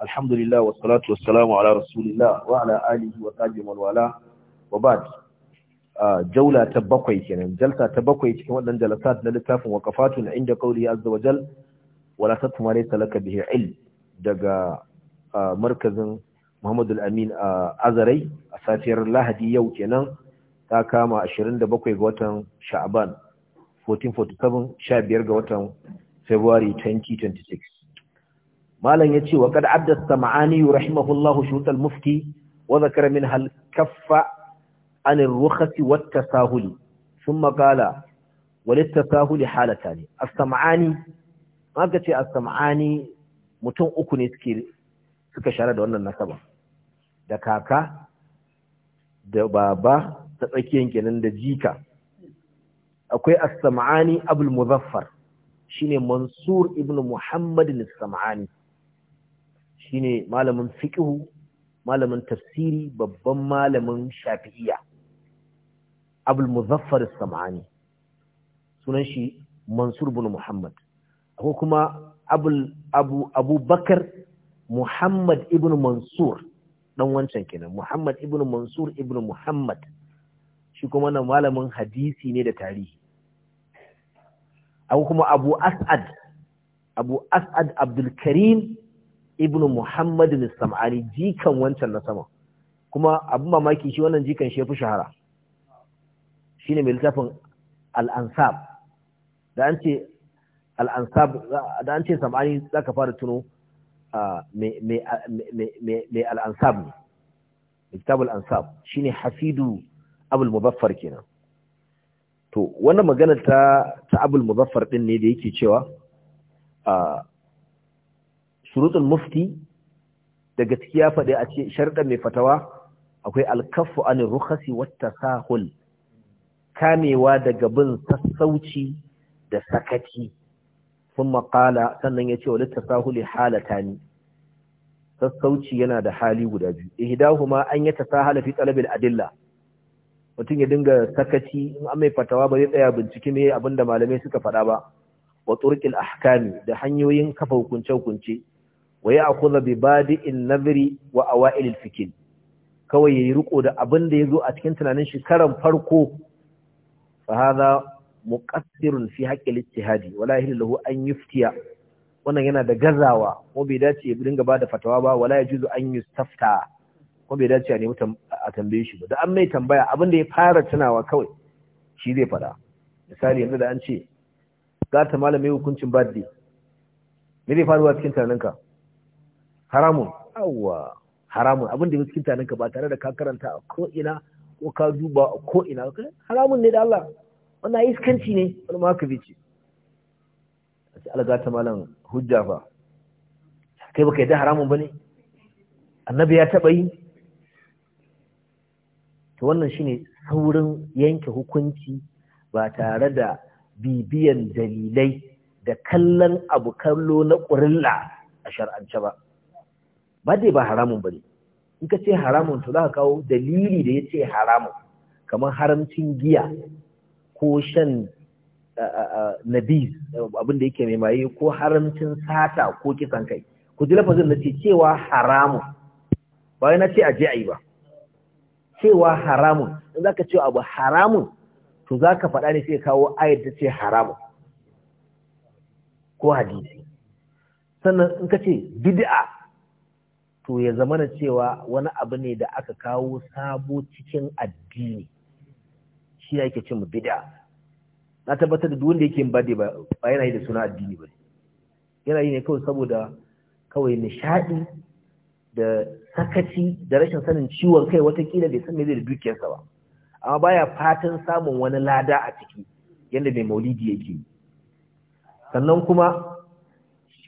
alhamdulillah wa salatu wa salamu ala rasulillah wa ala alihi wa sahbihi wal wala wa ba'd jaula ta bakwai kenan jalsa ta bakwai cikin wannan jalasat na littafin na inda qawli azza wa jal wala tatma laysa laka bihi ilm daga markazin Muhammadu Al-Amin a Azarai a safiyar Lahadi yau kenan ta kama 27 ga watan Sha'aban 1447 15 ga watan February 2026 malam ya ce wa kada abdas sama'ani rahimahullahu shutal mufti wa zakara min hal kaffa an rukhasi wat tasahuli thumma qala wal tasahuli halatani as-sam'ani aka ce as-sam'ani mutum uku ne suke suka share da wannan nasaba da kaka da baba ta tsakiyan kenan da jika akwai as-sam'ani abul muzaffar shine mansur ibnu muhammad as-sam'ani shine malamin fiqhu malamin tafsiri babban malamin shafi'iyya abul muzaffar samani sunan shi mansur bin muhammad ko kuma abul abu abubakar muhammad ibn mansur dan wancan kenan muhammad ibn mansur ibn muhammad shi kuma nan malamin hadisi ne da tarihi ko kuma abu as'ad abu as'ad abdul karim ibn Muhammad al-Sam'ani jikan wancan na sama kuma abin mamaki shi wannan jikan shi ya fi shahara shine mai littafin al-Ansab da an ce al-Ansab da an ce Sam'ani zaka fara tuno mai mai mai al-Ansab ne kitab al-Ansab shine hafidu Abul Mubaffar kenan to wannan magana ta ta Abul Mubaffar din ne da yake cewa shurutul mufti da gaskiya faɗi a ce sharɗa mai fatawa akwai alkafu an rukhasi wata sahul kamewa daga bin sassauci da sakati sun maƙala sannan ya ce wa ya halata ni sassauci yana da hali guda biyu ma an ya tasahala fi talabil adilla mutum ya dinga sakati. in an mai fatawa ba zai tsaya bincike me abinda malamai suka faɗa ba wa turqil ahkami da hanyoyin kafa hukunce hukunce wa ya akuza bi in nazari wa awa'il fikin kawai yayi riko da abin da yazo a cikin tunanin shi karan farko fa hadha muqaddirun fi haqqil ijtihadi wala yahillu an yuftiya wannan yana da gazawa ko bai dace ya dinga bada fatawa ba wala yajuzu an yustafta ko bai dace a nemi a tambaye shi ba da an mai tambaya abin da ya fara tunawa kawai shi zai fada misali yanzu da an ce ta malamai hukuncin birthday me zai faruwa cikin tunaninka haramun awwa haramun abin da cikin taninka ba tare da ka karanta a ko ina ko ka duba a ko ina. haramun ne da Allah wannan iskanci ne wani makafi ce a ce alga ta malam hujja ba kai baka yadda haramun ba ne annabi ya taɓa yi to wannan shine saurin yanke hukunci ba tare da bibiyan dalilai da kallon abu kallo na ƙurilla a shar'ance ba ba dai ba haramun bane in ka ce haramun to za ka kawo dalili da ya ce haramun kamar haramcin giya ko shan nabiz abinda yake mai maye ko haramcin sata ko kisan kai ku ji lafazin da ce cewa haramun bayan na ce a je a yi ba cewa haramun in za ka ce abu haramun to za ka faɗa ne sai kawo ayat da ce haramun ko hadisi sannan in ka ce bid'a to ya zamana cewa wani abu ne da aka kawo sabo cikin addini shi ya ke cin bid'a na tabbatar da duwanda yake yin bade ba yana yi da suna addini ba yana yi ne kawai saboda kawai nishadi da sakaci da rashin sanin ciwon kai watakila bai san me da dukiyarsa ba amma baya fatan samun wani lada a ciki yadda mai maulidi yake sannan kuma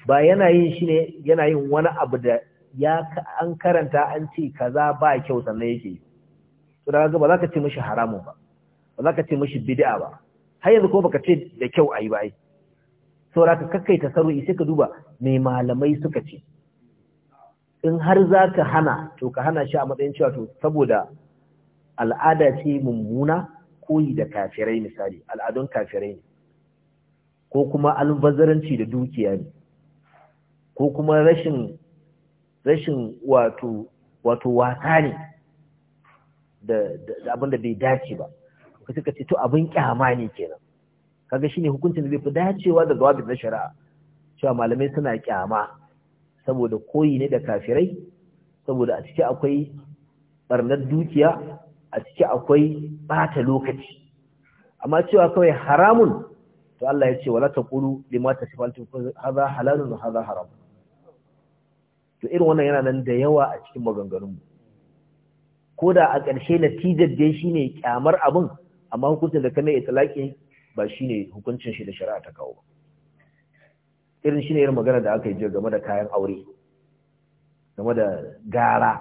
ba yana yin shi ne yana yin wani abu da ya an karanta an ce kaza ba kyau sannan yake to da ga ba za ka ce mishi haramun ba ba za ka ce mishi bid'a ba har yanzu ko baka ce da kyau ayi ba ai da ka kakkaita sarwi sai ka duba me malamai suka ce in har za ka hana to ka hana shi a matsayin cewa to saboda al'ada ce mummuna koyi da kafirai misali al'adun kafirai ne ko kuma albazaranci da dukiya ne ko kuma rashin rashin wato wato wasa ne da abin da bai dace ba ka suka ce to abin kyama ne kenan kaga shine hukuncin da bai fi dacewa da zawabi na shari'a cewa malamai suna kyama saboda koyi ne da kafirai saboda a ciki akwai barnar dukiya a ciki akwai bata lokaci amma cewa kawai haramun to Allah ya ce wala taqulu lima tasifaltu hadha halalun hadha haram to irin wannan yana nan da yawa a cikin maganganunmu ko da a ƙarshe natijar dai shine kyamar abin amma hukuncin da kana itlaqi ba shine hukuncin shi da shari'a ta kawo irin shine irin magana da aka yi jiya game da kayan aure game da gara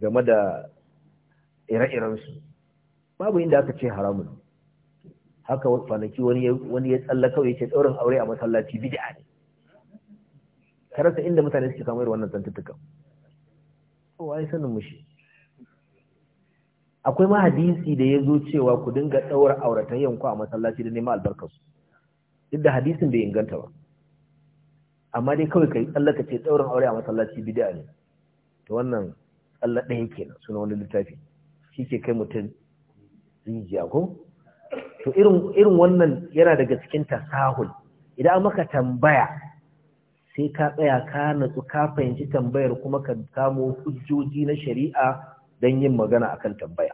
game da ire-iren su babu inda aka ce haramun haka kwanaki wani ya tsalla kawai ce ɗaurin aure a masallaci bid'a ne ka rasa inda mutane suke samu irin wannan zantuttuka kowa ya sanin mushi akwai ma hadisi da ya zo cewa ku dinga daura auratan yanku a masallaci da neman albarkarsu duk da hadisin bai inganta ba amma dai kawai ka yi tsallaka ce ɗaurin aure a masallaci bid'a ne to wannan tsalla ɗaya kenan suna wani littafi shike ke kai mutum rijiya ko to irin wannan yana daga cikin tasahul idan maka tambaya sai ka tsaya ka natsu ka fahimci tambayar kuma ka kamo hujjoji na shari'a don yin magana akan tambaya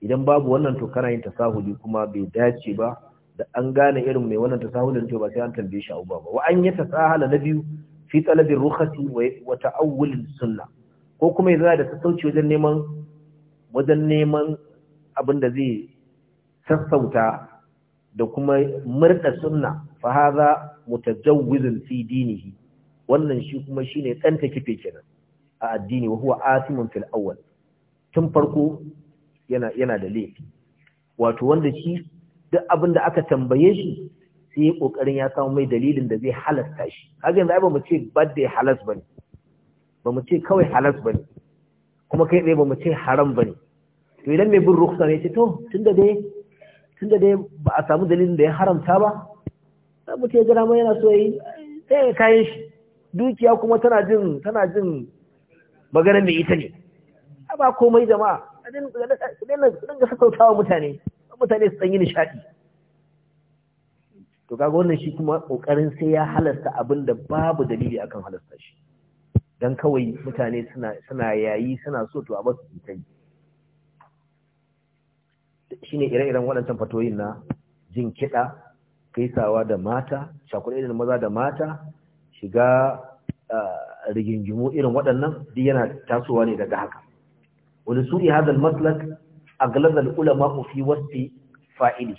idan babu wannan to kana yin tasahuli kuma bai dace ba da an gane irin mai wannan tasahulin to ba sai an tambaye shi abubuwa ba wa an yi tasahala na biyu fi talabin rukhasi wa ta'awulin sunna ko kuma yana da sassauci wajen neman wajen neman abin da zai sassauta da kuma murda sunna fa hadha mutajawwizun fi dinihi wannan shi kuma shine dan takife kenan a addini wa huwa asimun fil awwal tun farko yana yana da laifi wato wanda shi duk abin da aka tambaye shi sai ya kokarin ya samu mai dalilin da zai halasta shi kaga yanzu ai ba mu ce badde halas bane ba mu ce kawai halas bane kuma kai dai ba mu ce haram bane to idan mai bin ruksa ne ce to tunda dai tunda dai ba a samu dalilin da ya haramta ba mutu ya jira yana so yi sai kayan shi dukiya kuma tana jin tana jin maganar mai ita ne a ba komai jama'a dinga wa mutane mutane su tsanyi nishaɗi to kaga wannan shi kuma ƙoƙarin sai ya halasta abin da babu dalili akan halasta shi don kawai mutane suna yayi suna so to a basu ita yi shine ire-iren waɗancan fatoyin na jin kiɗa Kaisawa da mata shakuɗe da maza da mata shiga rigingimu irin waɗannan duk yana tasowa ne daga haka wani suri hadal maslak a al ulama fi wasfi fa'ili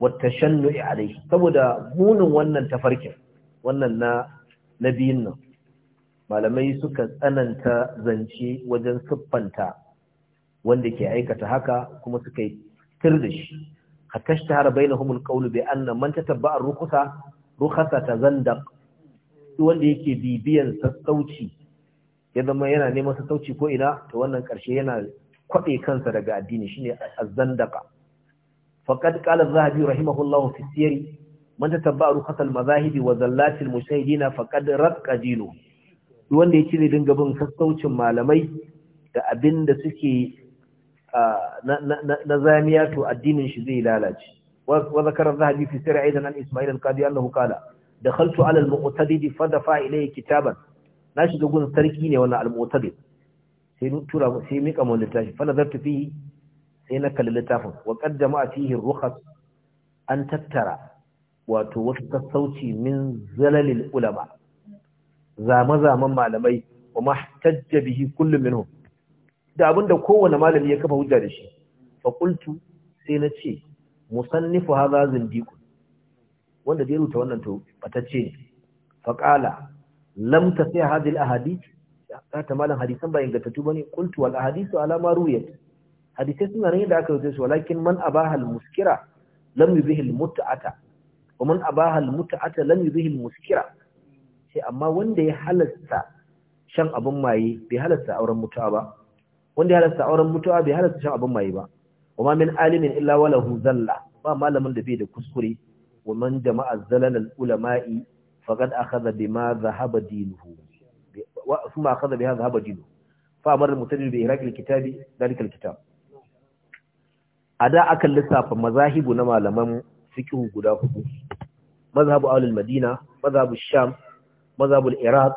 wa tashannu'i alayhi saboda munin wannan tafarkin wannan na biyun nan malamai suka tsananta zance wajen siffanta wanda ke aikata haka kuma suka yi tir da shi hatta shtahara humul qawlu bi anna man tatabba'a rukhsa wanda yake bibiyan sassauci ya zama yana neman sassauci ko ina to wannan karshe yana kwabe kansa daga addini shine azzandaka faqad qala az-zahabi rahimahullahu fi siyari man tatabba'a rukhsa al-mazahibi wa zallatil mujtahidina faqad raqqa dinu duk wanda yake dinga bin sassaucin malamai da abinda suke na zamiya to addinin shi zai lalace wa zakara zahabi fi sirri aidan an isma'il al-qadi annahu qala dakhaltu ala al-mu'tadid fa dafa ilayhi kitaban na shiga gun sarki ne wannan al-mu'tadid sai tura sai fa nazartu fihi sai na kalli littafin wa qaddama fihi rukhas an tattara wato wasu sassauci min zalalil ulama zama zaman malamai wa mahtajja bihi kullu minhum da abin da kowane malami ya kafa hujja da shi faƙultu sai na ce musannifu haza zindiku wanda zai ruta wannan to batacce ne faƙala lam ta sai hadil ahadith ya ta malam hadisan ba ingantattu bane qultu wal ahadithu ala ma ruwiyat Hadithai suna ne da aka rubuta su walakin man abaha al muskira lam yubihi al mut'ata wa man abaha al mut'ata lam yubihi al muskira sai amma wanda ya halasta shan abun maye bai halasta auren mutuwa ba wanda ya halasta auren mutuwa bai halasta shan abin maye ba wa ma min alimin illa walahu zalla ba malamin da bai da kuskure wa man jama'a zalal ulama'i faqad akhadha bima dhahaba dinuhu wa thumma akhadha biha dhahaba dinuhu fa amara al-mutadil bi iraq al-kitabi dalika al-kitab ada akan lissafa mazahibu na malaman fiqh guda hudu mazhabu ahlul madina mazhabu sham mazhabu iraq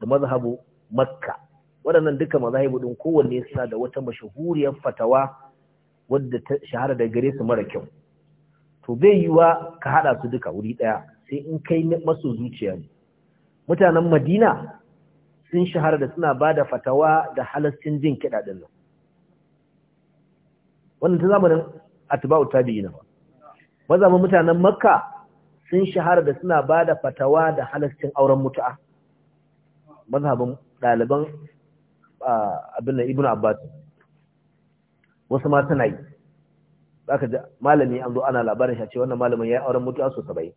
da mazhabu makka waɗannan duka mazahibu ɗin kowanne suna da wata mashahuriyar fatawa wadda ta shahara da gare su mara kyau to bai yi wa ka haɗa su duka wuri ɗaya sai in kai masu zuciya ne mutanen madina sun shahara da suna ba da fatawa da halascin jin kiɗa ɗin nan wannan ta zamanin atba'u tabi'ina ba mazamin mutanen makka sun shahara da suna ba da fatawa da halascin auren mutu'a mazhabin ɗaliban abin nan ibnu abbas wasu ma tana yi zaka ji malami an zo ana labarin shi wannan malamin ya yi auren mutuwa so 70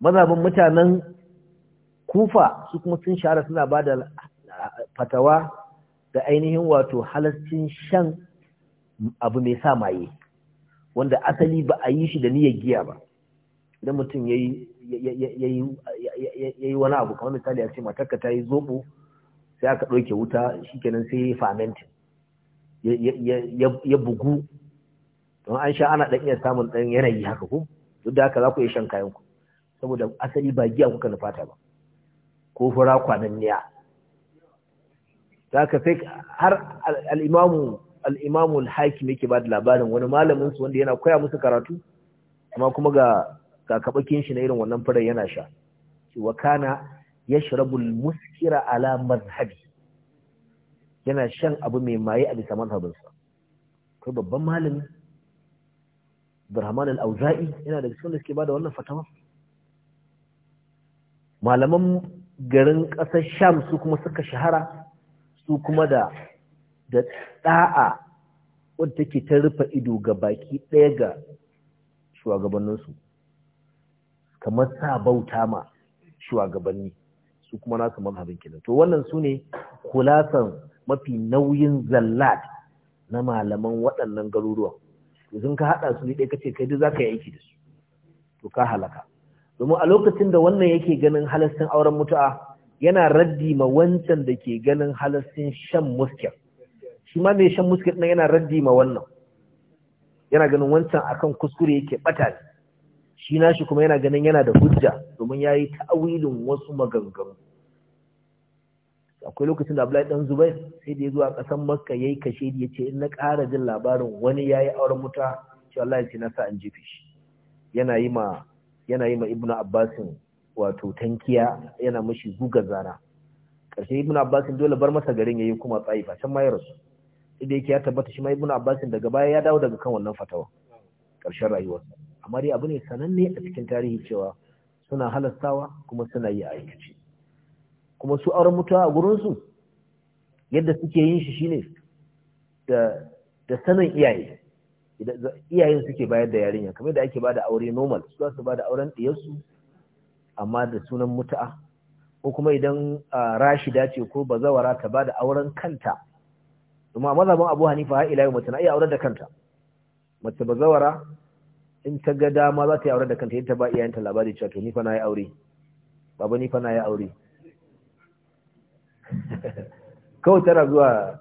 mazabin mutanen kufa su kuma sun shahara suna ba da fatawa da ainihin wato halascin shan abu mai sa maye wanda asali ba a yi shi da niyyar giya ba idan mutum ya yi wani abu kamar misali ya ce matarka ta yi zobo sai aka ɗauke wuta shikenan sai ya famentin ya bugu don an sha ana ɗan iya samun ɗan yanayi haka ko duk da haka za ku iya shan kayan ku saboda asali ba giya kuka na fata ba ko fura kwanan niya haka sai har al'imamu al'imamu al-hakim yake ba da labarin wani malamin su wanda yana koya musu karatu amma kuma ga kakabakin shi na irin wannan furar yana sha wa kana yashrabu al-muskira ala mazhabi yana shan abu mai maye a bisa mazhabinsa kai babban malami Burhaman al-Auza'i yana da cikin da suke bada wannan fatawa malaman garin ƙasar Sham su kuma suka shahara su kuma da da da'a wadda take ta rufe ido ga baki ɗaya ga shugabanninsu kamar sa bauta ma shugabanni su kuma nasu mazhabin kenan to wannan su ne kulasan mafi nauyin zallat na malaman waɗannan garuruwa sun ka haɗa su ne ɗaya kace kai duk za ka yi aiki da su to ka halaka domin a lokacin da wannan yake ganin halastin auren mutu'a yana raddi ma wancan da ke ganin halastin shan muskil shi ma mai shan muskil ɗin yana raddi ma wannan yana ganin wancan akan kuskure yake ɓata shi nashi kuma yana ganin yana da hujja domin ya yi ta'awilin wasu maganganu akwai lokacin da Abdullahi dan Zubair sai da ya zuwa a ƙasan Makka yayi kashe ya ce in na ƙara jin labarin wani ya yi auren muta shi Allah ya ce na sa an jefe shi yana yi ma yana yi ma Ibnu Abbasin wato tankiya yana mashi guga zana ƙarshe Ibnu Abbasin dole bar masa garin ya yi kuma tsayi ba can ma ya rasu sai da yake ya tabbata shi ma Ibnu Abbasin daga baya ya dawo daga kan wannan fatawa ƙarshen rayuwarsa amma dai abu ne sananne a cikin tarihi cewa suna halastawa kuma suna yi a aikace kuma su auren mutuwa a gurinsu yadda suke yin shi shine da da sanin iyaye iyayen suke bayar da yarinya kamar da ake bada aure normal su su bada auren diyarsu amma da sunan mutu'a ko kuma idan rashida ce ko bazawara ta bada auren kanta kuma a Abu Hanifa ha ila yau mace na iya auren da kanta mace bazawara in ta ga dama za ta yi aure da kanta yadda ba iyayenta labari cewa to ni fa na yi aure baba ni fa na yi aure kawai tana zuwa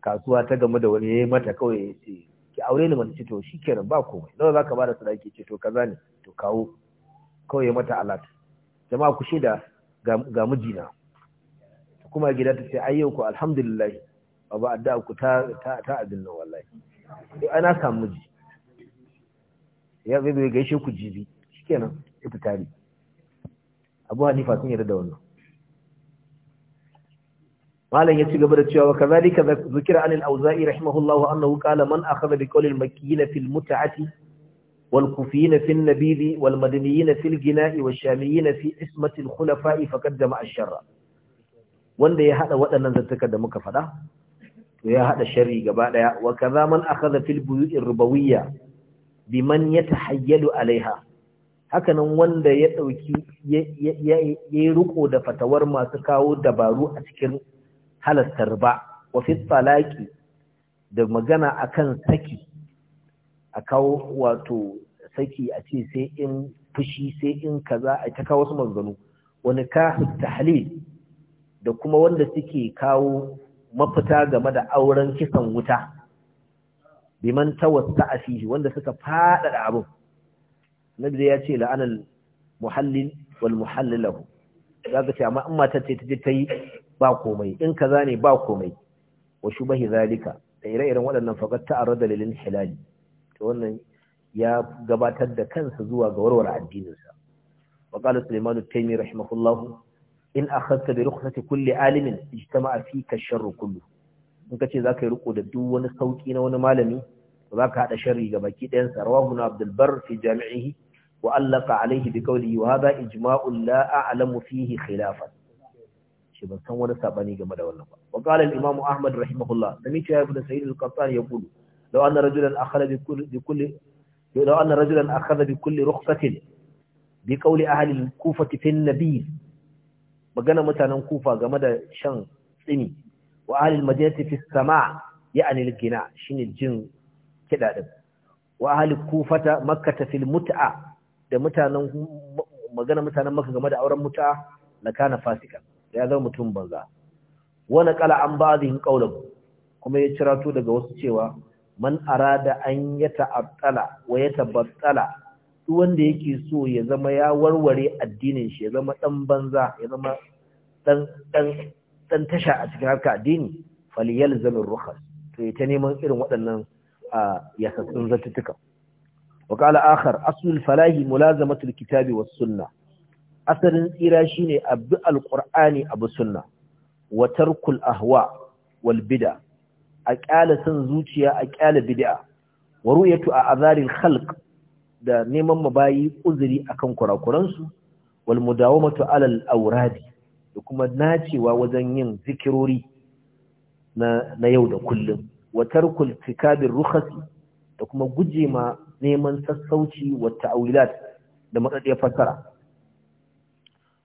kasuwa ta game da wani yayi mata kawai ya ce ki aure ni mace to shi ke ba komai nawa za ka zaka da sadaki ce to kaza ne to kawo kawai mata alat jama'a ku shaida ga mijina kuma gida ta ce ayyau ku alhamdulillah baba addu'a ku ta ta ta wallahi to ana samu miji ya zai zai gaishe ku jibi shikenan sai ku tare abu hanifa sun yarda da wannan malam ya ci gaba da cewa kazalika zikira anil auza'i rahimahullahu annahu qala man akhadha bi qawli al-makkiyyin fil mut'ati wal kufiyyin fil nabidi wal madaniyyin fil gina'i wash shamiyyin fi ismati al khulafa'i faqaddama ash-sharra wanda ya hada waɗannan zantukan da muka faɗa to ya hada sharri gaba daya wa kaza man akhadha fil buyu'ir rubawiyya biman ya tahayyalu alaiha hakanan wanda ya dauki ya riko da fatawar masu kawo dabaru a cikin halastar ba, wa fi talaqi da magana akan saki a kawo wato saki a ce sai in fushi sai in kaza a ta kawo su maganu, wani kahu tahlil da kuma wanda suke kawo mafita game da auren kisan wuta biman tawassa fihi wanda suka fadada abin nabi ya ce la'anar muhallin wal muhallil lahu ce amma in mata ce ta je ta yi ba komai in ka zane ba komai wa shubahi zalika da ire-iren waɗannan fakat ta'arrada dalilin hilali Ta wannan ya gabatar da kansa zuwa ga warware addininsa wa qala sulaiman at-taymi rahimahullah in akhadta bi rukhsati kulle alimin a fi kashen kullu in kace zaka yi riko da duk wani sauki na wani malami za ka haɗa sharri ga baki ɗayan sa rawahu na Abdul Barr fi jami'ihi wa allaka alaihi bi qawlihi wa hadha ijma'un la a'lamu fihi khilafan shi ban san wani sabani game da wannan ba wa qala al-imam Ahmad rahimahullah sami ta ibn Sa'id al-Qattan yaqulu law anna rajulan akhadha bi kulli bi kulli law anna rajulan akhadha bi kulli rukhsatin bi qawli ahli al-Kufati fi an-nabi magana mutanen Kufa game da shan tsini wa ahli al-Madinati fi as-sama' ya'ni al-gina shine jin kiɗa din wa ahli kufata makkata fil mut'a da mutanen magana mutanen makka game da auren mut'a la kana fasika ya zama mutum banza wana qala an ba'dihim qawlan kuma ya cirato daga wasu cewa man arada an abtala wa yatabattala duk wanda yake so ya zama ya warware addinin shi ya zama dan banza ya zama dan dan dan tasha a cikin harka addini falyalzamir rukhas to ya ta neman irin waɗannan yasassun zattutuka wa qala akhar aslul falahi mulazamatul kitabi was sunna. asalin tsira shine abdu alqur'ani abu sunna wa tarkul ahwa wal bid'a a kyala san zuciya a kyala bid'a wa ru'yatu a azaril khalq da neman mabayi uzuri akan kurakuransu wal mudawamatu alal awradi da kuma nacewa wajen yin zikirori na na yau da kullum wa tarkul fikabir da kuma guje ma neman sassauci wa ta'awilat da matsatsiyar fassara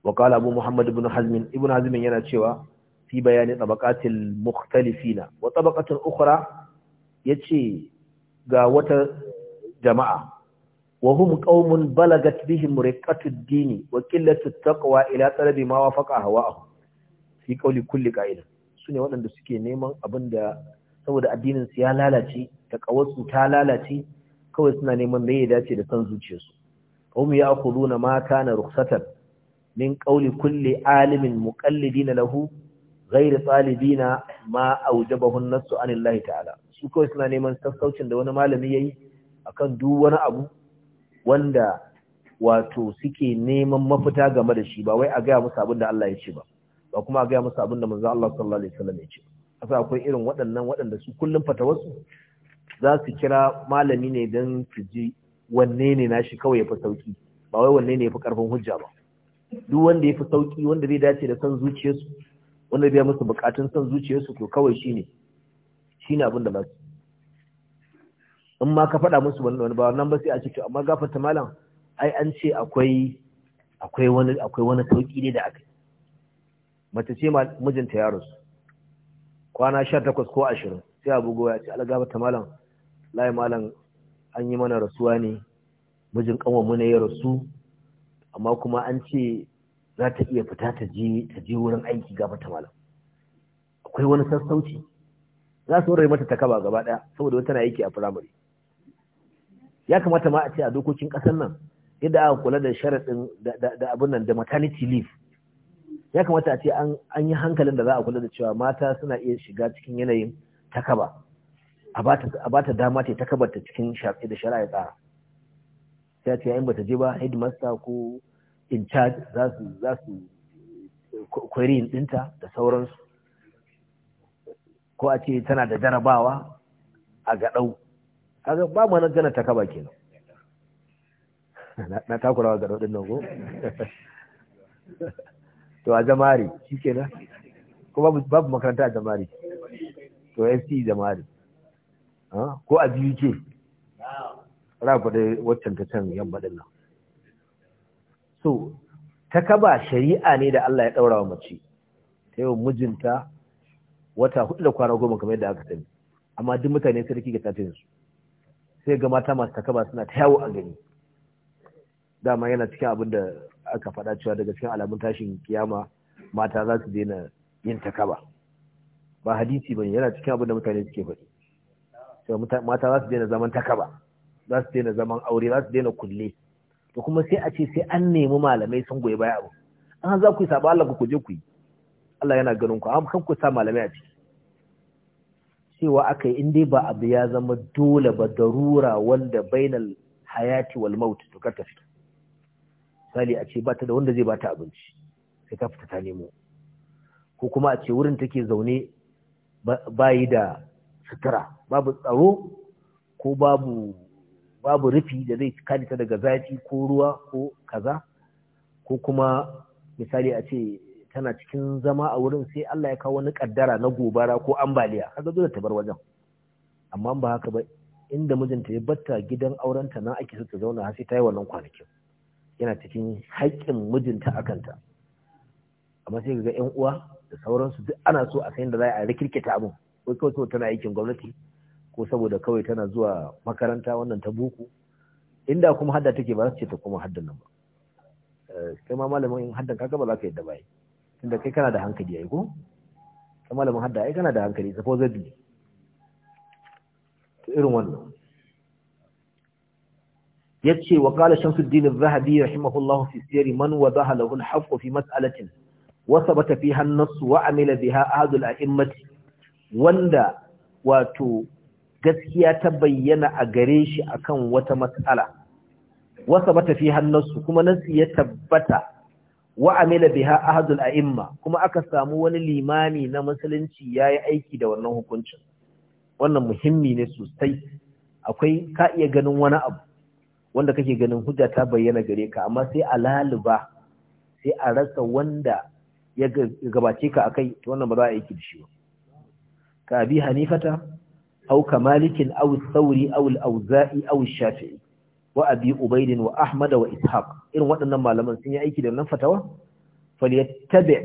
wa qala abu muhammad ibn hazm ibn hazm yana cewa fi bayani tabaqatil mukhtalifina wa tabaqatul ukhra yace ga wata jama'a wa hum qaumun balagat bihim riqatud dini wa qillatu taqwa ila talabi ma wafaqa hawa'ahum fi qawli kulli qa'ilin sune waɗanda suke neman abin da saboda addinin su ya lalace da kawarsu ta lalace kawai suna neman da ya dace da san zuciyarsu hum ya'kuluna mata na rukhsatan min ƙauli kulle alimin muqallidin lahu ghayr talibina ma awjabahu an lahi anillahi ta'ala su kawai suna neman sassaucin da wani malami yayi akan duk wani abu wanda wato suke neman mafita game da shi ba wai a gaya musu abin da Allah ya ce ba ba kuma a gaya musu abin da manzo Allah sallallahu alaihi wasallam ya ce asa akwai irin waɗannan waɗanda su kullum fatawarsu za su kira malami ne don su ji wanne ne nashi kawai ya fi sauki ba wai wanne ne ya fi ƙarfin hujja ba duk wanda ya fi sauki wanda zai dace da san zuciyarsu wanda zai musu bukatun san zuciyarsu to kawai shine shine abin da ba su in ma ka faɗa musu wani wani ba wannan ba sai a ce to amma gafarta malam ai an ce akwai akwai wani akwai wani sauki ne da aka mace ce mijinta ya rasu kwana sha takwas ko ashirin sai abu goya ce algaba ta malam layi malam an yi mana rasuwa ne mijin mu ne ya rasu amma kuma an ce za ta iya fita ta je ta je wurin aiki gaba ta malam akwai wani sassauci za su rai mata takaba gaba daya saboda wata na aiki a firamare ya kamata ma a ce a dokokin ƙasar nan yadda aka kula da sharaɗin da abin nan da maternity leave ya kamata a ce an yi hankalin da za a kula da cewa mata suna iya shiga cikin yanayin takaba a ba ta dama ta takaba ta cikin shafi da shari'a tsara Ya ce yayin ta je ba headmaster ko in charge za su za dinta da sauransu ko a ce tana da jarabawa a gaɗau kaga ba mu nan gana takaba kenan na takurawa gaɗau din nan ko to a jamari shi na ko babu makaranta a jamari to fi jamari ko a ke? rafa da waccan ta can yamma din nan so ta kaba shari'a ne da Allah ya daura wa mace ta yi mijinta wata hudu da kwana goma kamar yadda aka sani amma duk mutane sarki ga tafiyansu sai ga mata masu takaba suna ta yawo a gani dama yana cikin abin da aka faɗa cewa daga cikin alamun tashin kiyama mata za su daina yin takaba ba hadisi bane yana cikin abin da mutane suke faɗi cewa mata za su daina zaman takaba za su daina zaman aure za su daina kulle to kuma sai a ce sai an nemi malamai sun goyi baya abu an za ku yi saba Allah ku je ku yi Allah yana ganin ku amma kan ku sa malamai a ciki cewa aka yi in dai ba abu ya zama dole ba darura wanda bainal hayati wal maut to kar ka misali a ce ba ta da wanda zai bata abinci sai ta fita ta nemo ko kuma a ce wurin take zaune bayi da sutura babu tsaro ko babu babu rufi da zai kare ta daga zafi ko ruwa ko kaza ko kuma misali a ce tana cikin zama a wurin sai Allah ya kawo wani kaddara na gobara ko ambaliya kaga dole ta bar wajen amma ba haka ba inda mijinta ya batta gidan aurenta nan ake so ta zauna har sai ta yi wannan kwanakin yana cikin haƙƙin mijinta a kanta amma sai ga 'yan uwa da sauransu duk ana so a san da za a rikirkita abin ko kawai so tana aikin gwamnati ko saboda kawai tana zuwa makaranta wannan ta boko inda kuma hadda take ba za su ce ta kuma haddan nan ba eh, kai ma malamin haddan kaga ba za ka yadda ba yi tunda kai kana da hankali ai ko kai malamin hadda ai kana da hankali supposedly to irin wannan yace wa qala shamsuddin az-zahabi rahimahullahu fi sirri man wadaha lahu al-haqqu fi mas'alatin wa sabata fiha an-nass wa amila biha ahad al wanda wato gaskiya ta bayyana a gare shi akan wata mas'ala wa sabata fiha an-nass kuma nasi ya tabbata wa amila biha ahad al-a'imma kuma aka samu wani limami na musulunci yayi aiki da wannan hukuncin wannan muhimmi ne sosai akwai ka iya ganin wani abu wanda kake ganin hujja ta bayyana gare ka amma sai a laluba sai a rasa wanda ya gabace ka akai to wannan ba za a yi da shi ba ka bi hanifata aw malikin aw sauri aw al-auza'i aw shafi'i wa abi ubayd wa ahmad wa ishaq irin waɗannan malaman sun yi aiki da nan fatawa falyattabi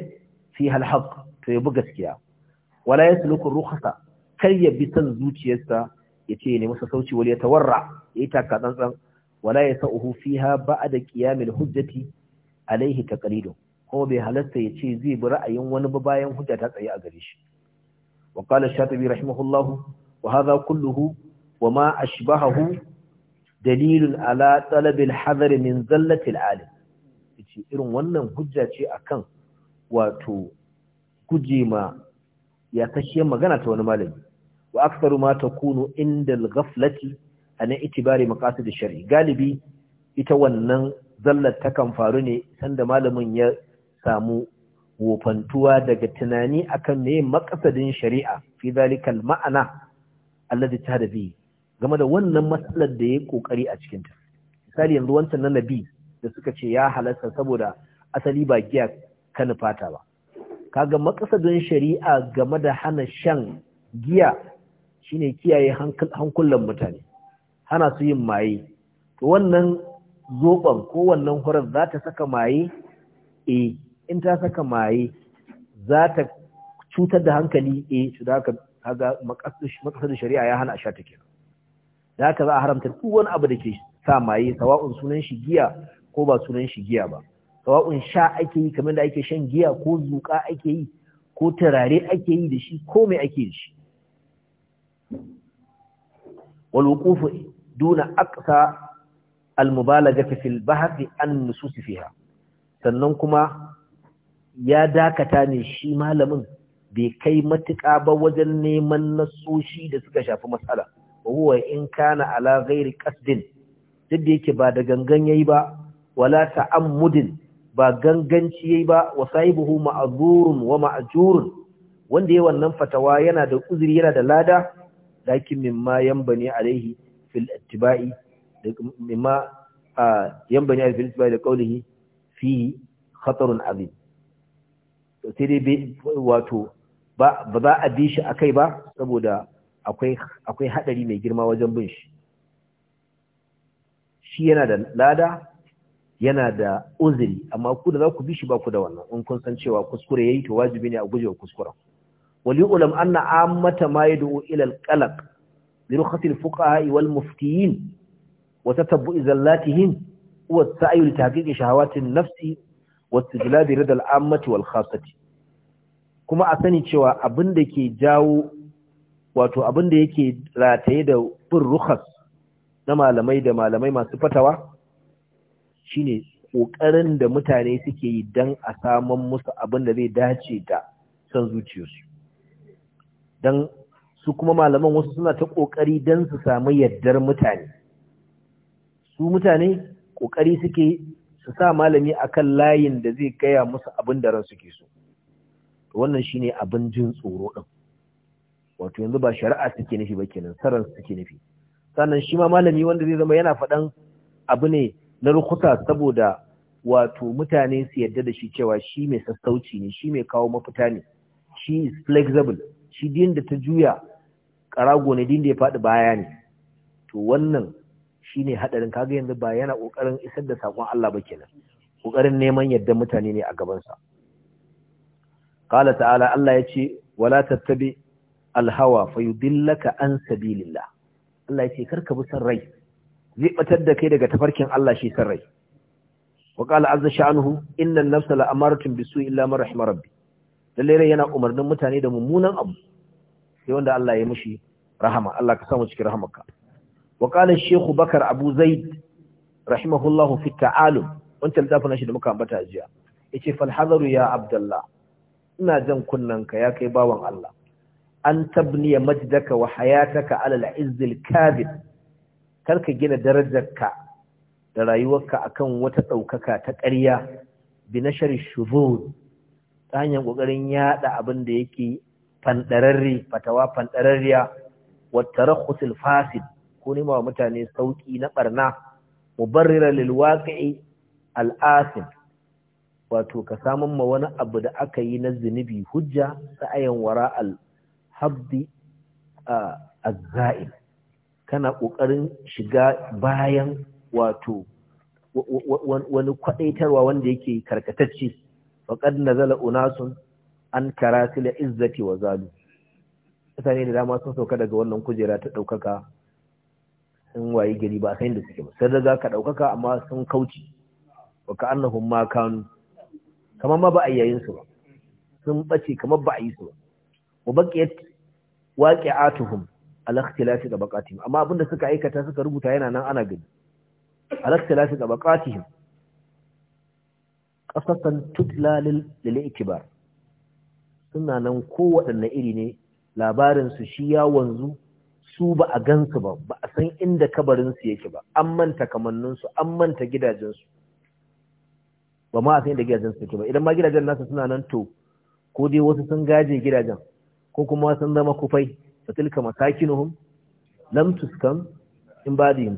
fi al-haqq to ya bi gaskiya wala yasluku rukhsa kar ya bi san zuciyarsa yace ne masa sauci wal yatawarra yayi taka tsantsan wala yasauhu fiha ba'a da qiyamil hujjati alaihi ta taqlidu Kuma bai halarta ya ce zai bi ra'ayin wani ba bayan hujja ta tsaye a gare shi wa qala shatibi rahimahullahu wa hadha kulluhu wa ma ashbahahu dalilun ala talabil hadar min zallatil alim yace irin wannan hujja ce akan wato gujema ya kashe magana ta wani malami wa aktsaru ma takunu inda al-ghaflati a nan itibari maqasid shari'i galibi ita wannan zallar takan faru ne sanda malamin ya samu wofantuwa daga tunani akan ne maqasadin shari'a fi zalikal ma'ana alladhi tahada bi game da wannan matsalar da ya kokari a cikin ta misali yanzu wancan na nabi da suka ce ya halarta saboda asali ba giya kan fata ba kaga makasadin shari'a game da hana shan giya shine kiyaye hankulan mutane hana su yin maye to wannan zoban ko wannan hurar za ta saka maye eh in ta saka maye za ta cutar da hankali e eh, su da haka haga makasar shari'a ya hana a sha ta ke. da haka za a haramta duk wani abu da ke sa maye sawa'un sunan shi giya ko ba sunan shi giya ba sawa'un sha ake yi kamar da ake shan giya ko zuka ake yi ko turare ake yi da shi ko mai ake da shi duna aqsa al-mubalaghati fil bahthi an nusus sannan kuma ya dakata ne shi malamin bai kai matuƙa ba wajen neman nasoshi da suka shafi matsala huwa in kana ala ghairi qasdin duk da yake ba da gangan yayi ba wala ta'ammudin ba ganganci yayi ba wa sahibuhu ma'zurun wa ma'jurun wanda yayi wannan fatawa yana da uzuri yana da lada lakin mimma yanbani alaihi في الاتباع مما ينبني al fil da qawlihi fi khatarun azim sai dai wato ba za a bi shi akai ba saboda akwai akwai mai girma wajen bin shi yana da lada yana da uzuri amma ku da za ku bi shi ba ku da wannan in kun san cewa kuskure yayi to wajibi ne a gujewa kuskuren wali ulam anna ammata ma ila al برخص الفقهاء والمفتيين وتتبع زلاتهم والسعي لتحقيق شهوات النفس واستجلاب رد العامة والخاصة kuma a sani cewa abin da ke jawo wato abin da yake rataye da bin rukhas na malamai da malamai masu fatawa shine da mutane suke yi don a saman musu abin da zai dace da son zuciyarsu Don. su kuma malaman wasu suna ta ƙoƙari don su samu yardar mutane su mutane ƙoƙari suke su sa malami akan layin da zai gaya musu abin da ran suke so wannan shine abin jin tsoro din wato yanzu ba shari'a suke nufi ba kenan saran suke nufi sannan shi ma malami wanda zai zama yana faɗan abu ne na rukuta saboda wato mutane su yadda da shi cewa shi mai sassauci ne shi mai kawo mafita ne shi is flexible shi din da ta juya karago ne din da ya faɗi baya ne to wannan shine hadarin kaga yanzu ba yana kokarin isar da sakon Allah ba kenan kokarin neman yadda mutane ne a gabansa. sa ta'ala Allah yace wala tattabi alhawa fayudillaka an sabilillah Allah yace karka bi san rai zai ɓatar da kai daga tafarkin Allah shi san rai wa qala azza sha'nuhu innal nafsa la'amaratun bisu'i illa man rahima rabbi lalle rai yana umarnin mutane da mummunan abu sai wanda Allah ya mushi rahama Allah ka samu cikin rahamarka wa qala shaykh bakar abu zaid rahimahullahu fi ta'alum wancan littafin shi da muka ambata jiya yace fal hadaru ya abdullah ina jan kunnanka ya kai bawan Allah an tabniya majdaka wa hayataka ala al-izz al-kadhib karka gina darajarka da rayuwarka akan wata daukaka ta ƙarya bi nashar shuzur ta hanyar kokarin yada abin da yake fandararre fatawa fandararriya والترخص mutane كوني na متاني سوكي نبرنا مبررا للواقع الآثم wato ka samun ma wani abu da aka yi na zunubi hujja sa'ayin wara al-habdi azza'il kana ƙoƙarin shiga bayan wato wani kwaɗaitarwa wanda yake karkatacce faƙad nazala unasun an karatila izzati wa zalu mutane da dama sun sauka daga wannan kujera ta ɗaukaka sun wayi gari ba sai da suke ba sun riga ka ɗaukaka amma sun kauce wa ka annahum ma kanu kamar ma ba a yayin su ba sun bace kamar ba a yi su ba wa baqiyat waqi'atuhum ala ikhtilafi tabaqatihim amma abinda suka aikata suka rubuta yana nan ana gani ala ikhtilafi tabaqatihim qasasan tutla lil ikibar suna nan kowaɗanne iri ne labarinsu shi ya wanzu su ba a gansu ba ba a san inda kabarinsu yake ba an manta kamanninsu an manta gidajensu ba ma a san inda gidajensu yake ba idan ma gidajen nasu suna nan to ko dai wasu sun gaje gidajen ko kuma sun zama kufai fa tilka masakinuhum lam tuskan in badihim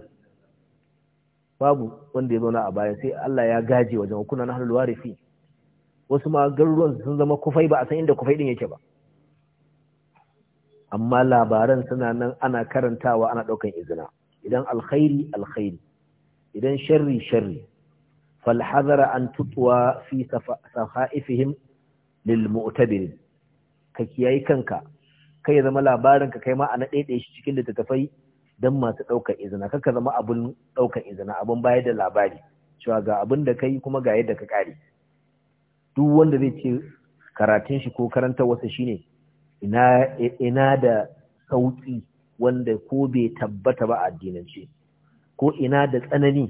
babu wanda ya zauna a baya sai Allah ya gaje wajen kuna na halwarifi wasu ma garuruwan sun zama kufai ba a san inda kufai din yake ba amma labaran suna nan ana karantawa ana ɗaukan izina idan alkhairi alkhairi idan sharri sharri falhazara an tutwa fi safa'ifihim lil mu'tabirin ka kiyayi kanka kai ya zama labarin ka kai ma ana ɗaiɗe shi cikin littattafai don masu ɗaukar izina kaka zama abun ɗaukar izina abun bayar da labari cewa ga abin da kai kuma ga yadda ka kare duk wanda zai ce karatun shi ko karanta wasu shine ina da sauƙi wanda ko bai tabbata ba a addinance ko ina da tsanani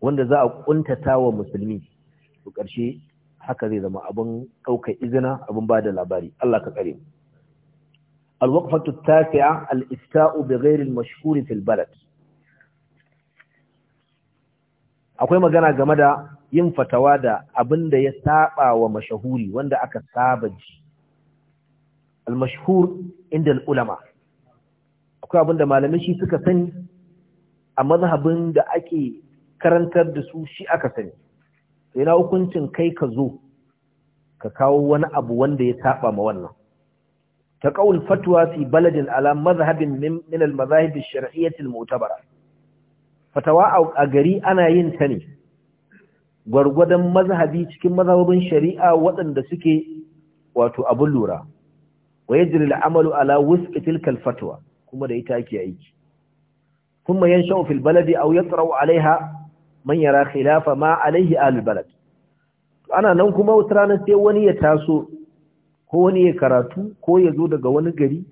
wanda za a ƙuntata wa musulmi su ƙarshe haka zai zama abin ɗaukar izina abin ba da labari Allah ka tsare alwaqfatu tafi'a al-ifta'u bi ghayri al balad akwai magana game da yin fatawa da abin da ya saba wa mashahuri wanda aka saba ji al-mashhur inda al-ulama akwai abinda malamai shi suka sani a mazhabin da ake karantar da su shi aka sani sai na hukuncin kai ka zo ka kawo wani abu wanda ya saba ma wannan ta qaul fatwa fi baladin ala mazhabin min al-mazahib ash-shar'iyyah al-mu'tabara fatawa a gari ana yin ta ne gwargwadon mazhabi cikin mazhabin shari'a waɗanda suke wato abun lura wa yajri al'amalu ala wusqi tilka al kuma da ita ake aiki kuma yanshau fil baladi aw yatra'u alaiha man yara khilafa ma alaihi ahlul ana nan kuma wata rana sai wani ya taso ko wani ya karatu ko ya zo daga wani gari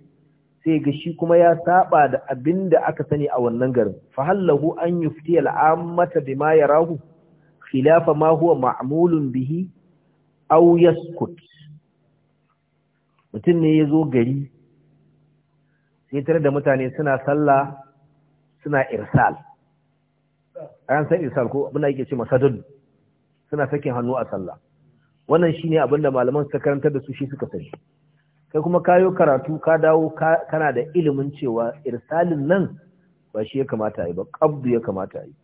sai ga shi kuma ya saɓa da abinda aka sani a wannan garin fahallahu an yufti al'ammata bima yarahu khilafa ma huwa ma'mulun bihi aw yaskut mutum ne ya zo gari sai tare da mutane suna sallah suna irsal an san irsal ko abin da yake ce masadun suna sakin hannu a sallah wannan shine abin da malaman suka karantar da su shi suka sani kai kuma kayo karatu ka dawo kana da ilimin cewa irsalin nan ba shi ya kamata yi ba Ƙabdu ya kamata yi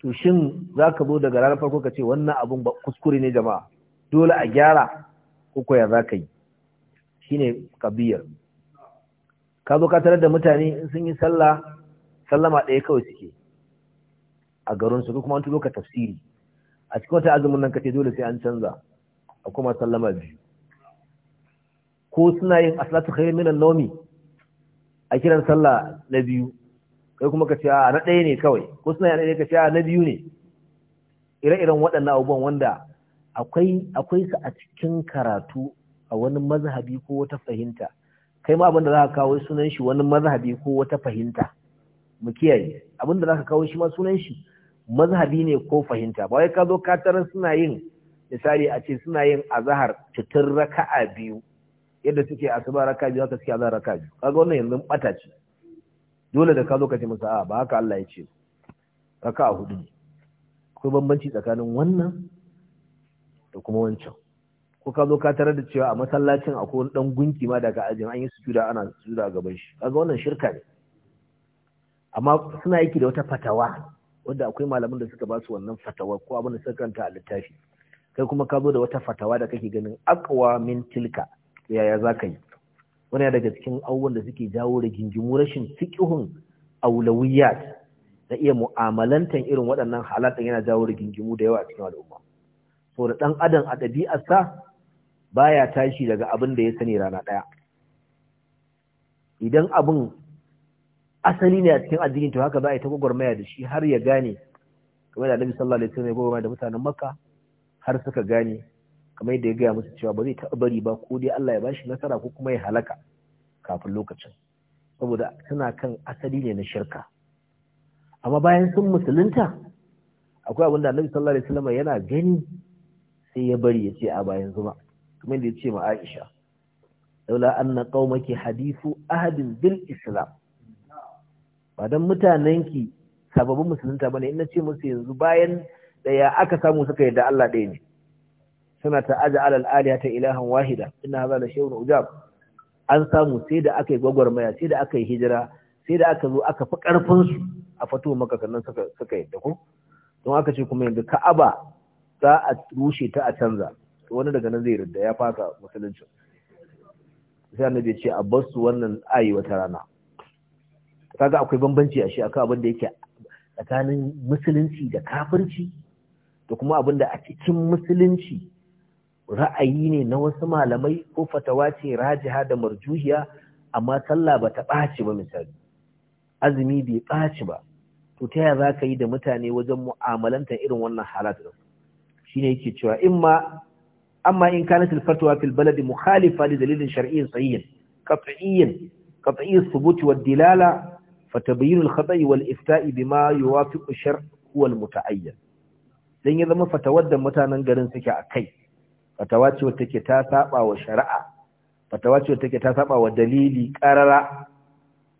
to shin zaka zo daga ranar farko ka ce wannan abun ba kuskure ne jama'a dole a gyara ko koya zaka yi shine kabiyar ka zo ka tarar da mutane in sun yi sallah sallama ɗaya kawai suke a garin su kuma an tulo ka tafsiri a cikin wata azumin nan kace dole sai an canza a kuma sallama biyu ko suna yin asalatu khairu minan nawmi a kiran sallah na biyu kai kuma ka ce a na ɗaya ne kawai ko suna yana ɗaya ka ce a na biyu ne ire-iren waɗannan abubuwan wanda akwai akwai su a cikin karatu a wani mazhabi ko wata fahimta kai ma abinda za ka kawo sunan shi wani mazhabi ko wata fahimta mu kiyaye abinda za ka kawo shi ma sunan shi mazhabi ne ko fahimta ba wai ka zo ka tarar suna yin misali a ce suna yin azahar tutur raka'a biyu yadda suke asuba raka biyu haka suke azhar raka biyu kaga wannan yanzu bata ce dole da ka zo ka ce musu a ba haka Allah ya ce raka'a hudu ne akwai bambanci tsakanin wannan da kuma wancan ko ka zo ka tarar da cewa a masallacin akwai wani dan gunki ma daga ajin an yi sujuda ana sujuda a gaban shi kaga wannan shirka ne amma suna yake da wata fatawa wanda akwai malaman da suka ba su wannan fatawa ko abin da suka kanta a littafi kai kuma ka zo da wata fatawa da kake ganin aqwa min tilka yaya za ka yi wani daga cikin abubuwan da suke jawo rigingimu rashin fiqhun aulawiyat da iya mu'amalantan irin waɗannan halatan yana jawo rigingimu da yawa a cikin al'umma saboda da ɗan adam a ɗabi'arsa baya tashi daga abin da ya sani rana daya idan abin asali ne a cikin addini to haka za a yi ta gwagwarmaya da shi har ya gane kamar da annabi sallallahu alaihi wasallam ya gwagwarmaya da mutanen makka har suka gane kamar yadda ya gaya musu cewa ba zai taɓa bari ba ko dai Allah ya bashi nasara ko kuma ya halaka kafin lokacin saboda suna kan asali ne na shirka amma bayan sun musulunta akwai abinda da annabi sallallahu alaihi wasallam yana gani sai ya bari ya ce a bayan zuma kuma da ya ce ma Aisha laula anna qaumaki hadithu ahadin bil islam ba dan mutanenki sababin musulunta ne, in ce musu yanzu bayan da ya aka samu suka yadda Allah ɗaya ne suna ta aja alal ta ilahan wahida inna hadha da shay'un ujab an samu sai da aka yi gwagwarmaya sai da aka yi hijira sai da aka zo aka fi karfin su a fato maka sannan suka suka yadda ko don aka ce kuma yanzu Ka'aba za a rushe ta a canza to wani daga nan zai ridda ya fasa musulunci sai annabi ce a bar su wannan ayi wata rana kaga akwai bambanci a shi akan abin da yake tsakanin musulunci da kafirci da kuma abin da a cikin musulunci ra'ayi ne na wasu malamai ko fatawa ce rajiha da marjuhiya amma sallah ba ta ɓaci ba misali azumi bai ɓaci ba to ta yaya za ka yi da mutane wajen mu'amalanta irin wannan halarta da ne yake cewa in ma amma in ka alfatwa fil balad mukhalifa li dalil shar'i sahih qat'iyyan qat'iy thubut wad dilala fa tabyin al khata'i wal ifta'i bima yuwafiq ashar huwa al muta'ayyan dan ya zama fatawa da mutanen garin suke akai fatawa ce wacce take ta saba wa shar'a fatawa ce wacce take ta saba wa dalili qarara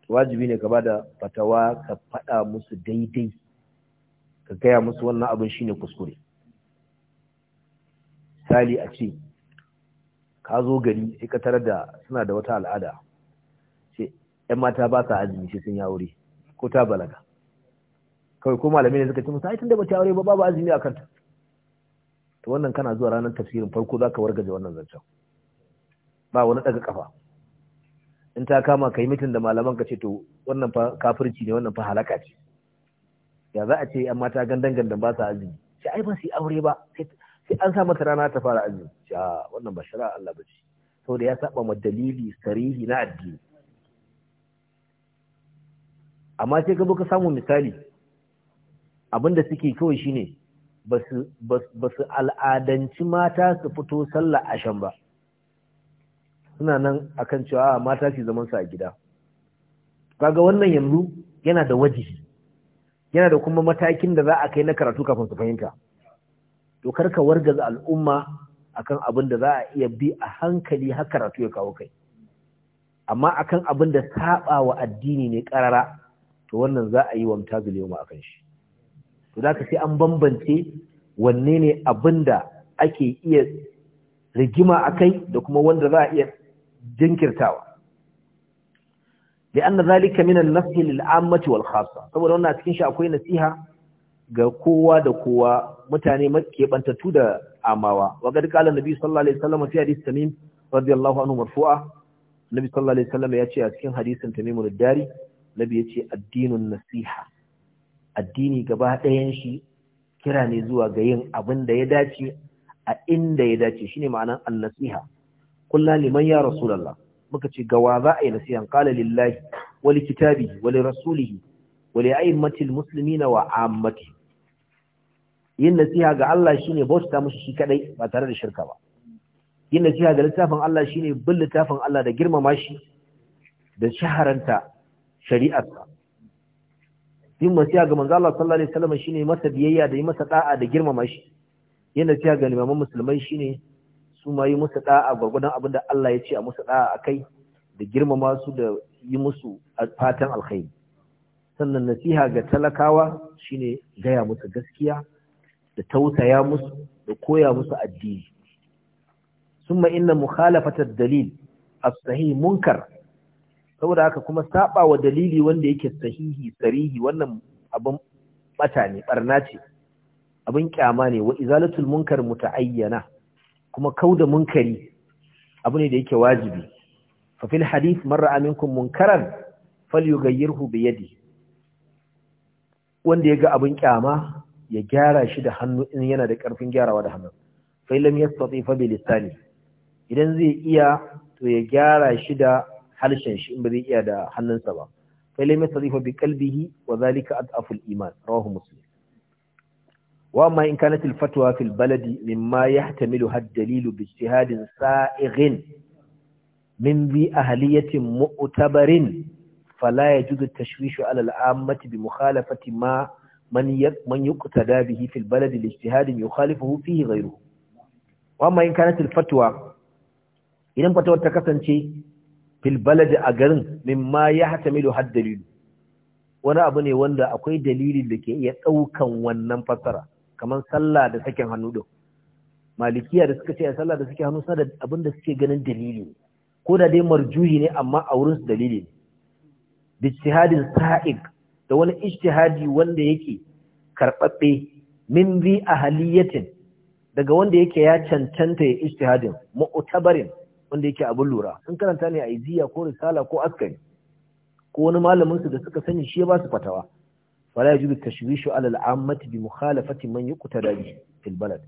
wajibi ne ka bada fatawa ka fada musu daidai ka gaya musu wannan abin shine kuskure misali a ce ka zo gari sai ka tarar da suna da wata al'ada sai ‘yan mata ba sa azumi sai sun yi aure ko ta balaga kawai ko malami ne suka ce musa aitin da ba ta aure ba babu azumi a kanta to wannan kana zuwa ranar tafsirin farko za ka wargaje wannan zancen ba wani daga kafa in ta kama ka yi mitin da malaman ka ce to wannan fa kafirci ne wannan fa halaka ce ya za a ce ‘yan mata gandan gandan ba sa azumi sai ai ba su yi aure ba sai sai an sa mata rana ta fara azumi ja wannan ba shari'a Allah ba ce saboda ya saba ma dalili sarihi na addini amma sai ka ka samu misali abinda suke kawai shine basu su al'adanci mata su fito sallah ashan ba suna nan akan cewa ah, mata su zaman su a gida kaga wannan yanzu yana da wajihi yana da kuma matakin da za a kai na karatu kafin su fahimta to karka wargaza al'umma akan abin da za a iya bi a hankali har karatu ya kawo kai amma akan abin da saba wa addini ne karara to wannan za a yi wa mutazil yau akan shi to ka sai an bambance wanne ne abin da ake iya rigima a kai da kuma wanda za a iya jinkirtawa لأن ذلك من النصح wal والخاصة saboda wannan cikin shi akwai nasiha ga kowa da kowa mutane makebantattu da amawa wa ga dukkan sallallahu alaihi wasallam fi hadith tamim radiyallahu anhu marfu'a annabi sallallahu alaihi wasallam ya ce a cikin hadisin tamimul dari nabi yace ce addinun nasiha addini gaba ɗayan shi kira ne zuwa ga yin abin da ya dace a inda ya dace shine ma'anan an-nasiha kullu liman ya rasulullah muka ce ga wa za a yi nasiha qala lillahi wa likitabihi wa lirasulihi wa li a'immatil muslimina wa ammatihi yin nasiha ga Allah shine bauta musu shi kadai ba tare da shirka ba yin nasiha ga littafin Allah shine bin littafin Allah da girmama shi da shaharanta shari'arsa yin nasiha ga manzo Allah sallallahu alaihi wasallam shine masa biyayya da yi masa da'a da girmama shi yin nasiha ga limaman musulmai shine su ma yi musu da'a gurgurdan abin da Allah ya ce a musu da'a akai da girmama su da yi musu fatan alkhairi sannan nasiha ga talakawa shine gaya musu gaskiya da tausaya musu da koya musu addini summa inna mukhalafatar dalil as-sahih munkar saboda haka kuma saba wa dalili wanda yake sahihi sarihi wannan abin bata ne barna ce abin kyama ne wa izalatul munkar muta'ayyana kuma kauda munkari abu ne da yake wajibi fa fil hadith marra aminkum munkaran falyughayyirhu bi yadihi wanda yaga abin kyama ya gyara shi da hannu in yana da ƙarfin gyarawa da hannu fa lam yastati fa bi lisani idan zai iya to ya gyara shi da harshen shi in ba zai iya da hannunsa ba fa lam yastati fa bi qalbihi wa zalika adaful iman rawahu muslim wa amma in kanat al fatwa fi al baladi mimma yahtamilu had dalil bi ijtihadin sa'ighin min bi ahliyatin mu'tabarin fala yajuzu tashwishu ala al ammati bi mukhalafati ma man yuqtada bihi fil baladi li ijtihadin yukhalifuhu fihi ghayruhu wa amma in kanat idan fatawar ta kasance fil baladi a garin mimma ya hatamilu had dalilu wani abu ne wanda akwai dalilin da ke iya daukan wannan fassara kamar sallah da sakin hannu malikiya da suka ce a sallah da sakin hannu suna da abin da suke ganin dalili ko da dai marjuhi ne amma a wurin su dalili ne bijtihadin da wani ijtihadi wanda yake karɓaɓɓe min bi ahaliyatin daga wanda yake ya cancanta ya ijtihadin mu'tabarin wanda yake abin lura sun karanta ne aiziya ko risala ko askari ko wani malamin su da suka sani shi ya ba su fatawa fala yajibu tashwishu ala al'ammati bi mukhalafati man yuqtada bi fil balad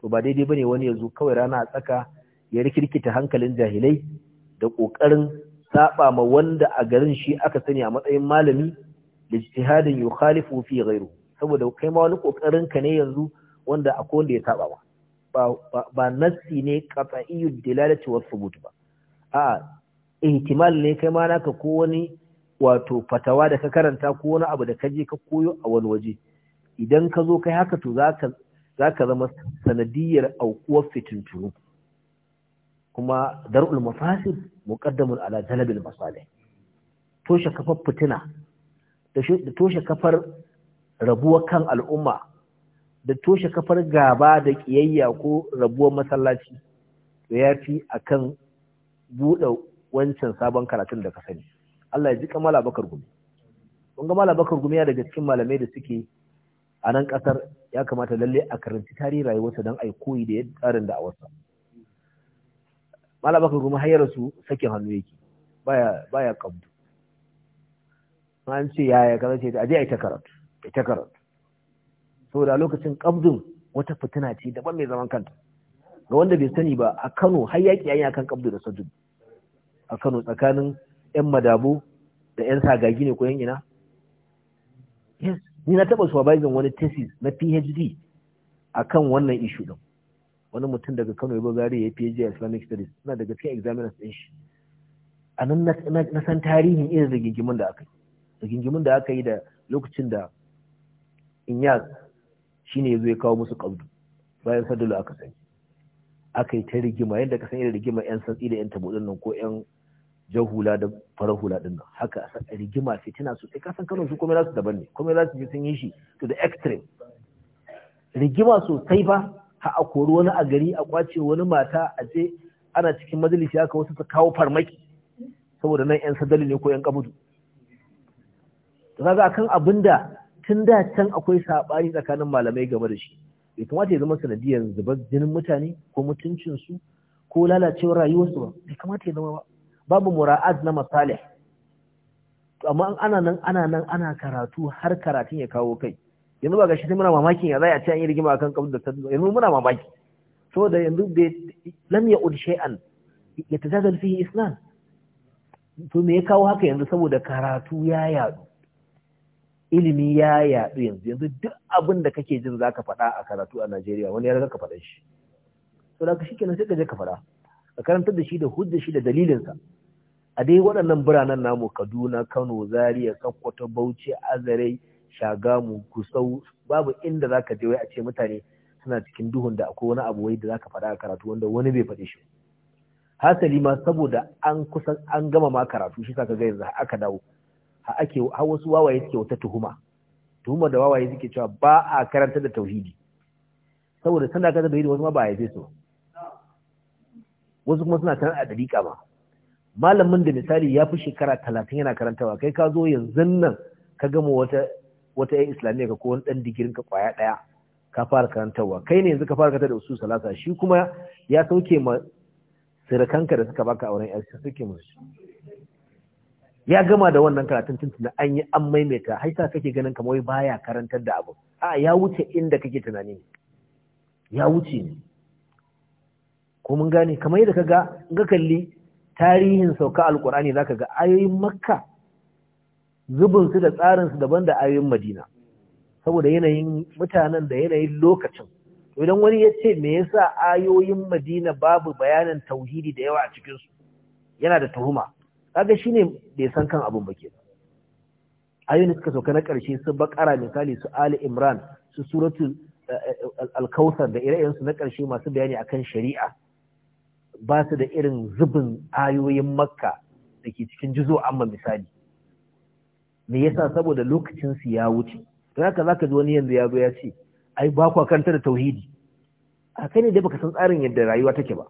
to ba daidai bane wani yazo kawai rana a tsaka ya rikirkita hankalin jahilai da kokarin saba ma wanda a garin shi aka sani a matsayin malami lijtihadin yukhalifu fi ghayru saboda kai ma wani kokarin ka ne yanzu wanda akwai wanda ya saba ba ba nassi ne qat'iyyu dilalati wa thubut ba a ihtimal ne kai ma naka ko wani wato fatawa da ka karanta ko wani abu da ka je ka koyo a wani waje idan ka zo kai haka to zaka zaka zama sanadiyar aukuwar fitintunu kuma dar'ul mafasid muqaddamun ala talabil masalih toshe kafar fitina da toshe kafar rabuwar kan al'umma da toshe kafar gaba da ƙiyayya ko rabuwar masallaci to ya fi a kan buɗe wancan sabon karatun da ka sani Allah ya ji kamala bakar gumi kun ga mala bakar gumi ya daga cikin malamai da suke a nan ƙasar ya kamata lalle a karanci tarihin rayuwarsa don a yi koyi da yadda tsarin da wasa. mala bakar gumi har rasu sakin hannu yake baya baya kabdu an ce yaya kaza ce aje ai ita karatu ita ta karatu saboda lokacin kabdun wata fitina ce daban mai zaman kanta ga wanda bai sani ba a Kano har yaki yayi akan kabdu da sajud a Kano tsakanin yan madabo da yan sagagi ne ko yan ina yes ni na taba supervising wani thesis na PhD akan wannan issue din wani mutum daga Kano ya gari ya PhD Islamic Studies suna daga cikin examiners din shi a nan na san tarihin irin rigigimin da aka yi rigingimin da aka yi da lokacin da inyas shine zo ya kawo musu qabdu bayan sadalo aka sani aka yi ta rigima yadda ka san da rigima yan santsi da yan tabo nan ko yan jahula da farar din nan haka a rigima fitina su sai ka san kano su kome za su daban ne kome za su ji sun yi shi to da extreme rigima sosai ba ha a kori wani a gari a kwace wani mata a je ana cikin majalisi haka wasu su kawo farmaki saboda nan yan sadali ne ko yan kabudu to kan abin abinda tun da can akwai sabani tsakanin malamai game da shi Ya kamata ya zama sanadiyar zubar jinin mutane ko mutuncinsu ko lalacewar rayuwarsu ba Ya kamata ya zama ba babu mura'ad na To amma ana nan ana nan ana karatu har karatun ya kawo kai yanzu ba gashi sai muna mamakin ya zai a ce an yi rigima akan kabin da sadaka yanzu muna mamaki saboda yanzu bai lam ya'ud shay'an yatazadal fihi islam to me ya kawo haka yanzu saboda karatu ya yadu ilimi ya yaɗu yanzu yanzu duk abin da kake jin za ka faɗa a karatu a Najeriya wani ya riga ka faɗa shi to da shi kenan sai ka je ka faɗa ka karantar da shi da hujja shi da dalilinsa a dai waɗannan biranen namu Kaduna Kano Zaria Sokoto Bauchi Azare Shagamu Kusau babu inda za ka je wai a ce mutane suna cikin duhun da akwai wani abu wai da za ka faɗa a karatu wanda wani bai faɗi shi hasali ma saboda an kusan an gama ma karatu shi sa ka ga yanzu aka dawo ake har wasu wawaye suke wata tuhuma tuhuma da wawaye suke cewa ba a karanta da tauhidi saboda sanda ka tauhidi wasu ma ba a yafe wasu kuma suna kan a dariƙa ba malamin da misali ya fi shekara talatin yana karantawa kai ka zo yanzu nan ka gama wata wata yan islamiyya ka ko wani ɗan digirin ka kwaya ɗaya ka fara karantarwa kai ne yanzu ka fara ka da usul salasa shi kuma ya sauke ma sirikanka da suka baka auren yarsa suke musu ya gama da wannan karatun tuntuna an yi an maimaita har sa kake ganin kamar wai baya karantar da abu a ya wuce inda kake tunani ne ya wuce ne ko mun gane kamar yadda ka ga ga kalli tarihin sauka alkur'ani zaka ga ayoyin makka zubin da tsarinsu su daban da ayoyin madina saboda yanayin mutanen da yanayin lokacin idan wani ya ce me yasa ayoyin madina babu bayanin tauhidi da yawa a cikin su yana da tuhuma kaga shine bai san kan abun ba ke ayoyin suka sauka na karshe su bakara misali su ali imran su suratu eh, eh, alkausar da ire su na karshe masu bayani akan shari'a ba su da irin zubin ayoyin makka da ke cikin jizo amma misali me yasa saboda lokacin su ya wuce don haka zaka ji wani yanzu ya zo ya ce ai ba kwa kanta da tauhidi a kai ne da baka san tsarin yadda rayuwa take ba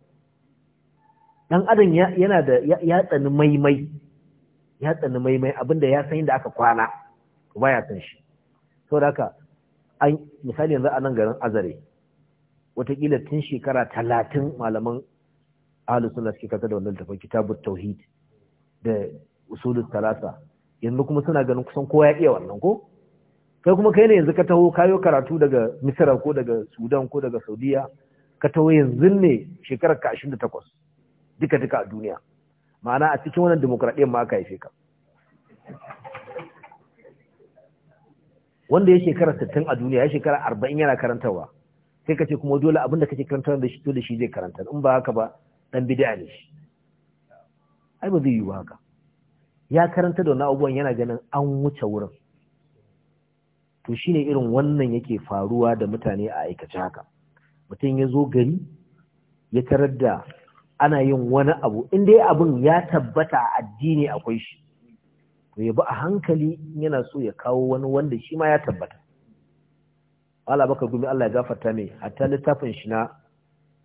dan adam yana da ya tsani maimai ya tsani maimai abinda ya san inda aka kwana baya san shi saboda haka an misali yanzu anan garin azare watakila tun shekara talatin malaman ahalus sunna suke kasa da wannan tafi kitabut tauhid da usulul talata yanzu kuma suna ganin kusan kowa ya iya wannan ko kai kuma kai ne yanzu ka taho kayo karatu daga misira ko daga sudan ko daga saudiya ka taho yanzu ne shekarar ka 28 duka duka a duniya ma'ana a cikin wannan demokradiyyar ma aka haife ka wanda ya shekara 60 a duniya ya shekara 40 yana karantarwa sai ka ce kuma dole abinda kake karantar da shi dole shi zai karanta in ba haka ba dan bid'a ne shi ai ba zai yi haka ya karanta da wannan abubuwan yana ganin an wuce wurin to shine irin wannan yake faruwa da mutane a aikace haka mutum ya zo gari ya tarar da ana yin wani abu in dai abin ya tabbata a addini akwai shi to ya a hankali yana so ya kawo wani wanda shi ma ya tabbata Allah baka gumi Allah ya gafarta mai hatta littafin shi na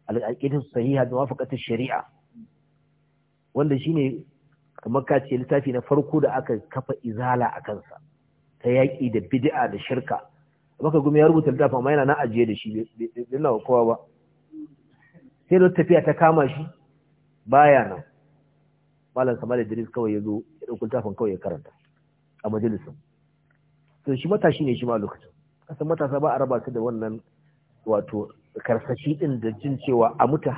al aqidin sahiha da wafaqatu shari'a wanda shine kamar ka ce littafi na farko da aka kafa izala a kansa ta yaki, da bid'a da shirka baka gumi ya rubuta littafin amma yana na ajiye da shi bai kowa ba sai da tafiya ta kama shi baya nan malam Kamal Idris kawai ya zo ya dauki tafin kawai ya karanta a majalisun to shi matashi ne shi ma lokacin kasan matasa ba a raba su da wannan wato karsashi din da jin cewa a mutu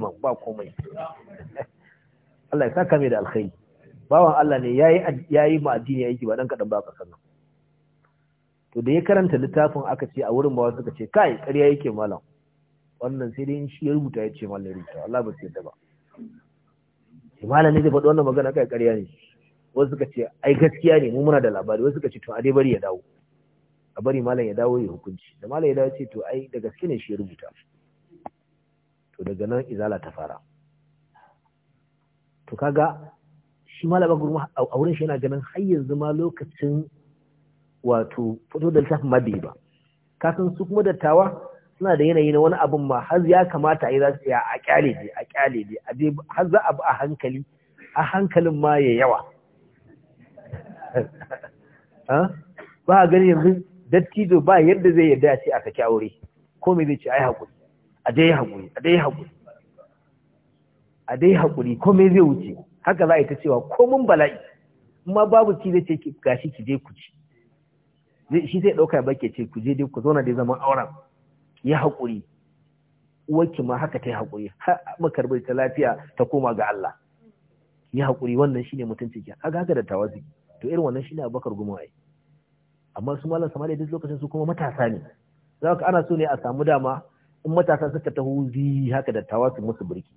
ma ba komai Allah ya saka mai da alkhairi bawan Allah ne yayi yayi ma addini aiki ba dan kadan ba kasan nan to da ya karanta littafin aka ce a wurin bawa suka ce kai ƙarya yake malam wannan sai dai shi ya rubuta ya ce malam rubuta Allah ba sai da ba ne zai faɗi wannan magana kai ƙarya ne wasu suka ce ai gaskiya ne mu muna da labari wasu suka ce to a dai bari ya dawo a bari malam ya dawo ya hukunci da malam ya dawo ce to ai da gaske ne shi ya rubuta to daga nan izala ta fara to kaga shi malam bagurma a wurin shi yana ganin har yanzu ma lokacin wato fito da littafin ma bai ba kasan su kuma dattawa suna da yanayi na wani abin ma har ya kamata yi za su ya a kyale dai a kyale dai a dai har za a bi a hankali a hankalin ma ya yawa ba a gani yanzu dattijo ba yadda zai yarda ya ce a saki aure ko me zai ce ai hakuri a dai hakuri a dai hakuri a dai hakuri ko me zai wuce haka za a yi ta cewa mun bala'i amma babu ki zai ce gashi ki je ku ci shi zai ɗauka ba ke ce ku je dai ku zauna dai zaman auren ya haƙuri uwarki ma haka ta yi haƙuri har makarbai ta lafiya ta koma ga Allah ya haƙuri wannan shine mutunci ki haka haka da tawazi to irin wannan shine Abubakar yi amma su malam samari duk lokacin su kuma matasa ne za ka ana so ne a samu dama in matasa suka taho zi haka da su musu birki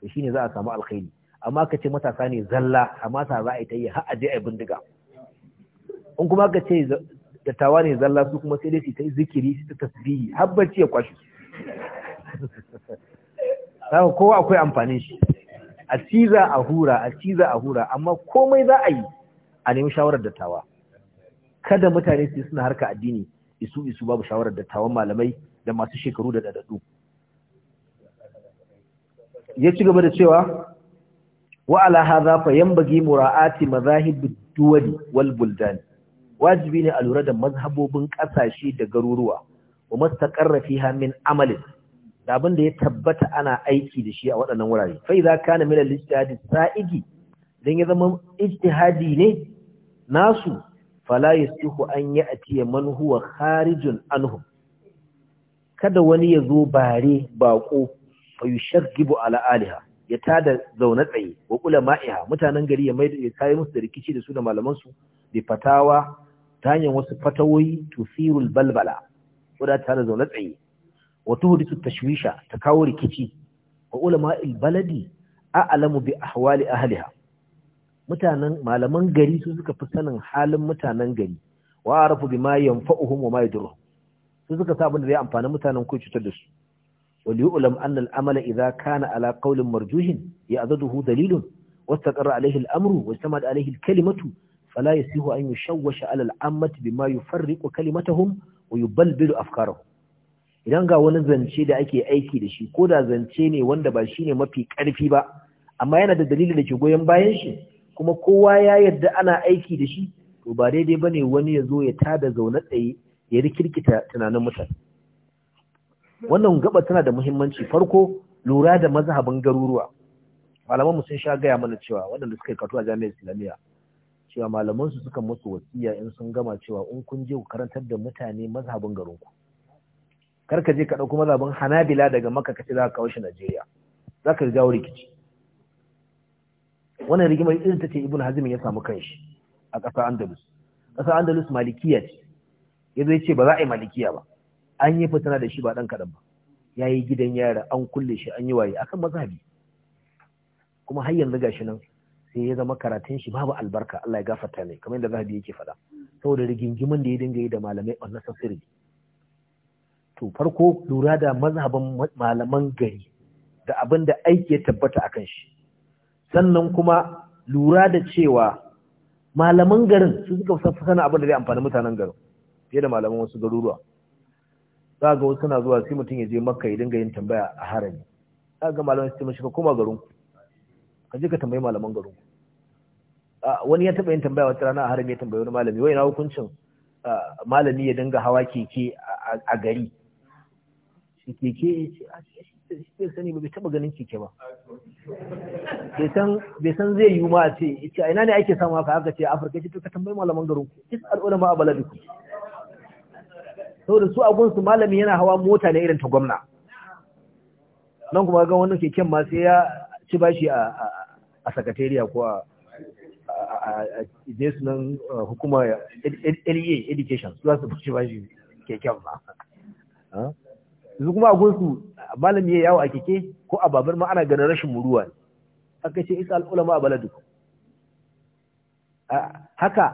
to shine za a samu alkhairi amma ka ce matasa ne zalla amma sa za a yi ta yi har a je a bindiga in kuma ka ce dattawa ne zalla su kuma sai dai su ta zikiri su ta tasbihi har bacci ya kwashi su kowa akwai amfanin shi a ciza a hura a ciza a hura amma komai za a yi a nemi shawarar dattawa kada mutane su suna harka addini isu isu babu shawarar dattawan malamai da masu shekaru da dadadu ya ci gaba da cewa wa ala hadha fa yanbaghi mura'ati madhahib duwali wal buldani. wajibi ne a lura da mazhabobin ƙasashe da garuruwa wa mastaqarra fiha min amalin da abin da ya tabbata ana aiki da shi a waɗannan wurare Fai za kana min al-ijtihadi sa'igi dan ya zama ijtihadi ne nasu fala yasihu an ya'ti man huwa kharijun anhu kada wani ya zo bare bako fa yushaghibu ala aliha ya tada zaune tsaye wa ulamaiha mutanen gari ya da ya kai musu da rikici da su da malaman su bi fatawa ta hanyar wasu fatawoyi tusirul balbala wadda ta da zaune tsaye wa tuhdisu tashwisha ta kawo rikici wa ulama baladi a'lamu bi ahwali ahliha mutanen malaman gari su suka fi sanin halin mutanen gari wa arafu bima yanfa'uhum wa ma yadurruhum su suka sa abin da zai amfani mutanen ko cutar da su wal yu'lam anna al amala idha kana ala qawlin marjuhin ya'zaduhu dalilun wastaqarra alayhi al amru wajtama'at alayhi al kalimatu fala anyi an yushawwasha alal ammati bima yufarriqu kalimatahum wa yubalbilu afkarahum idan ga wani zance da ake aiki da shi ko da zance ne wanda ba shine mafi karfi ba amma yana da dalilin da ke goyon bayan shi kuma kowa ya yarda ana aiki da shi to ba daidai ba ne wani ya zo ya tada zaune tsaye ya rikirkita tunanin mutane wannan gaba tana da muhimmanci farko lura da mazhabin garuruwa malaman mu sun sha gaya mana cewa waɗanda suka yi karatu a jami'ar islamiyya cewa su suka musu wasiya in sun gama cewa in kun je ku karantar da mutane mazhabin garin ku. kar ka je ka dauko mazhabin hanabila daga ka kace za ka kawo shi najeriya za ka jawo rikici wannan rigimar irin ta ce ibn Hazm ya samu kanshi a ƙasar andalus ƙasar andalus malikiya ce ya zai ce ba za a yi malikiya ba an yi fitina da shi ba dan kadan ba yayi gidan yara an kulle shi an yi waye akan mazhabi kuma har yanzu gashi nan sai ya zama karatun shi babu albarka Allah ya gafarta mai kamar yadda zahabi yake faɗa saboda rigingimin da ya dinga yi da malamai unnecessary to farko lura da mazhaban malaman gari da abin da aiki ya tabbata a kan shi sannan kuma lura da cewa malaman garin su suka fi sana abin da zai amfani mutanen garin fiye da malaman wasu garuruwa za ga wasu suna zuwa sai mutum ya je makka ya dinga yin tambaya a harami za ga malaman su ce mashi ka koma garinku ka je ka tambayi malaman garin wani ya taba yin tambaya wata rana a haram ya tambayi wani malami wai na hukuncin malami ya dinga hawa keke a gari keke ah, shi ke sani ba bai taba ganin keke ba bai san zai yi ma a ce a ina ne ake samu haka haka ce afirka ce ka tambayi malaman garin ku is al'ulama a baladiku saboda su abun su malami yana hawa mota ne irin ta gwamna nan kuma ga wannan keken ma sai ya ci bashi a a sakatariya ko a je sunan uh, hukuma LEA education su za su fushi bashi keken ba su kuma a gunsu malami ya yawo a keke ko a babar ma ana ganin rashin muruwa ne aka ce isa al'ulama a baladu haka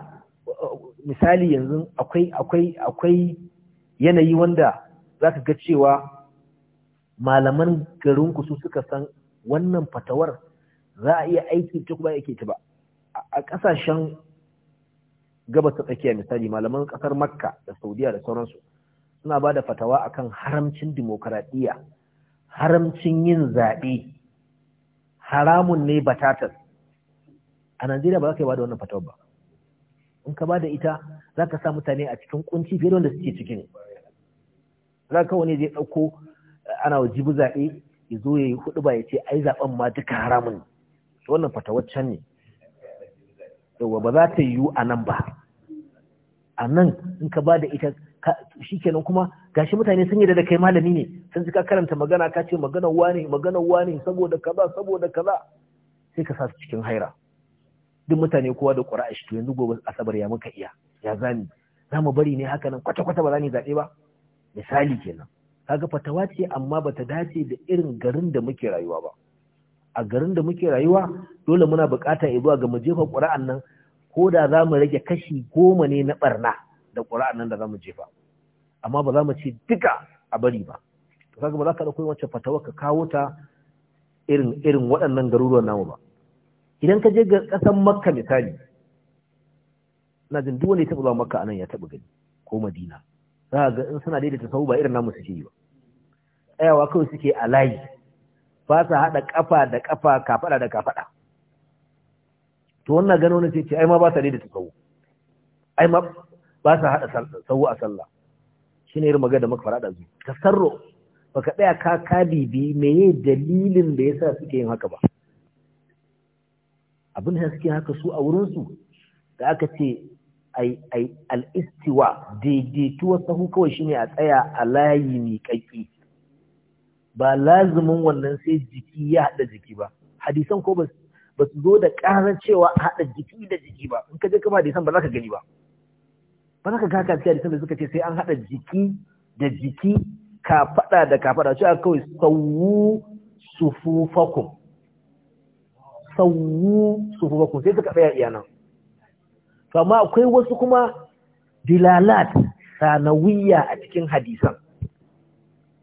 misali yanzu akwai akwai akwai yanayi wanda za ka ga cewa malaman garinku su suka san wannan fatawar za a iya aiki ta kuma yake ta ba a ƙasashen gabas ta tsakiya misali malaman ƙasar makka da saudiya da sauransu suna ba da fatawa akan haramcin dimokuraɗiyya haramcin yin zaɓe haramun ne batatas a najeriya ba za ka yi ba da wannan fatawar ba in ka ba da ita za ka sa mutane a cikin kunci fiye da wanda suke cikin za ka wani zai ɗauko ana wajibi zaɓe ya zo ya yi hudu ba ya ce ai zaɓen ma duka haramun ne to wannan fatawaccen ne yawa ba za ta yiwu a nan ba a nan in ka ba da ita kenan kuma gashi mutane sun yi da kai malami ne sun ji ka karanta magana ka ce magana wani magana wani saboda kaza saboda kaza sai ka sa su cikin haira duk mutane kowa da ƙura'a shi to yanzu gobe asabar ya muka iya ya zami za mu bari ne haka nan kwata kwata ba za ni zaɓe ba misali kenan kaga fatawa ce amma bata dace da irin garin da muke rayuwa ba a garin da muke rayuwa dole muna buƙatar zuwa ga mu jefa ƙura'an nan ko da za mu rage kashi goma ne na ɓarna da ƙura'an nan da za mu jefa amma ba za mu ce duka a bari ba to kaga ba za ka ɗauko wacce fatawa ka kawo ta irin irin waɗannan garuruwan namu ba idan ka je ga ƙasar makka misali ina jin duk wanda ya taɓa zuwa makka anan ya taɓa gani ko madina za ga in suna daidaita sahu ba irin namu suke yi ba tsayawa kawai suke a layi ba sa haɗa ƙafa da ƙafa kafaɗa da kafaɗa to wannan gano wani ce ai ma ba sa daidaita sahu ai ma ba sa haɗa sahu a sallah shi ne irin magana da muka faɗa da zuwa tasarro baka tsaya ka ka bibi meye dalilin da yasa suke yin haka ba abin da suke haka su a wurin su da aka ce ai ai al-istiwa daidaituwar sahu kawai shine a tsaya a layi miƙaƙƙi ba lazumin wannan sai jiki ya haɗa jiki ba hadisan ko ba su zo da ƙarar cewa a haɗa jiki da jiki ba in ka je kama hadisan ba za ka gani ba ba za ka kaka cikin hadisan da suka ce sai an haɗa jiki da jiki kafaɗa da kafaɗa cewa kawai sauwu sufufakum sauwu sufufakum sai suka tsaya iyanan amma akwai wasu kuma dilalat sanawiyya a cikin hadisan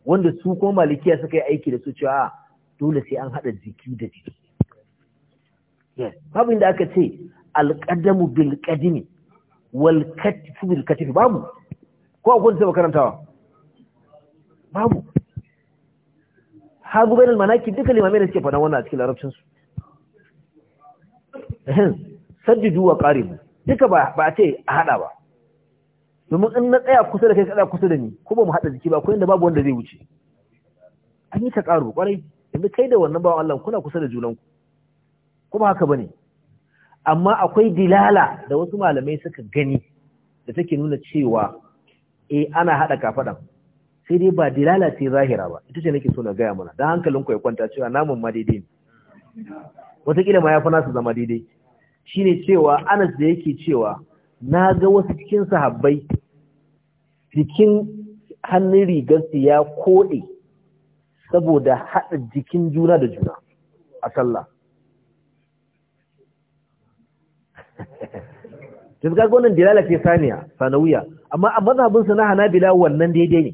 wanda su ko malikiya suka yi aiki da su cewa dole sai an haɗa jiki da jiki babu inda aka ce alƙadamu bil ƙadimi wal katifu bil katifi babu ko a kwanci makarantawa babu hagu bainal manaki duka limamai da suke faɗan wannan a cikin larabcinsu sajjidu wa ƙarin duka ba a ce a haɗa ba domin in na tsaya kusa da kai tsaya kusa da ni ko ba mu haɗa jiki ba akwai inda babu wanda zai wuce an yi ta ƙaru ƙwarai yanzu kai da wannan bawan Allah kuna kusa da junanku kuma haka bane amma akwai dilala da wasu malamai suka gani da take nuna cewa eh ana haɗa kafaɗan sai dai ba dilala ce zahira ba ita ce nake so na gaya mana dan hankalinku ya kwanta cewa namun ma daidai ne wataƙila ma ya fi nasu zama daidai shine cewa anas da yake cewa na ga wasu cikin sahabbai jikin hannun rigarsu ya koɗe saboda haɗa jikin juna da juna a sallah yanzu kaga da dilala ce saniya sanawiya amma a mazhabinsu su na hanabila wannan daidai ne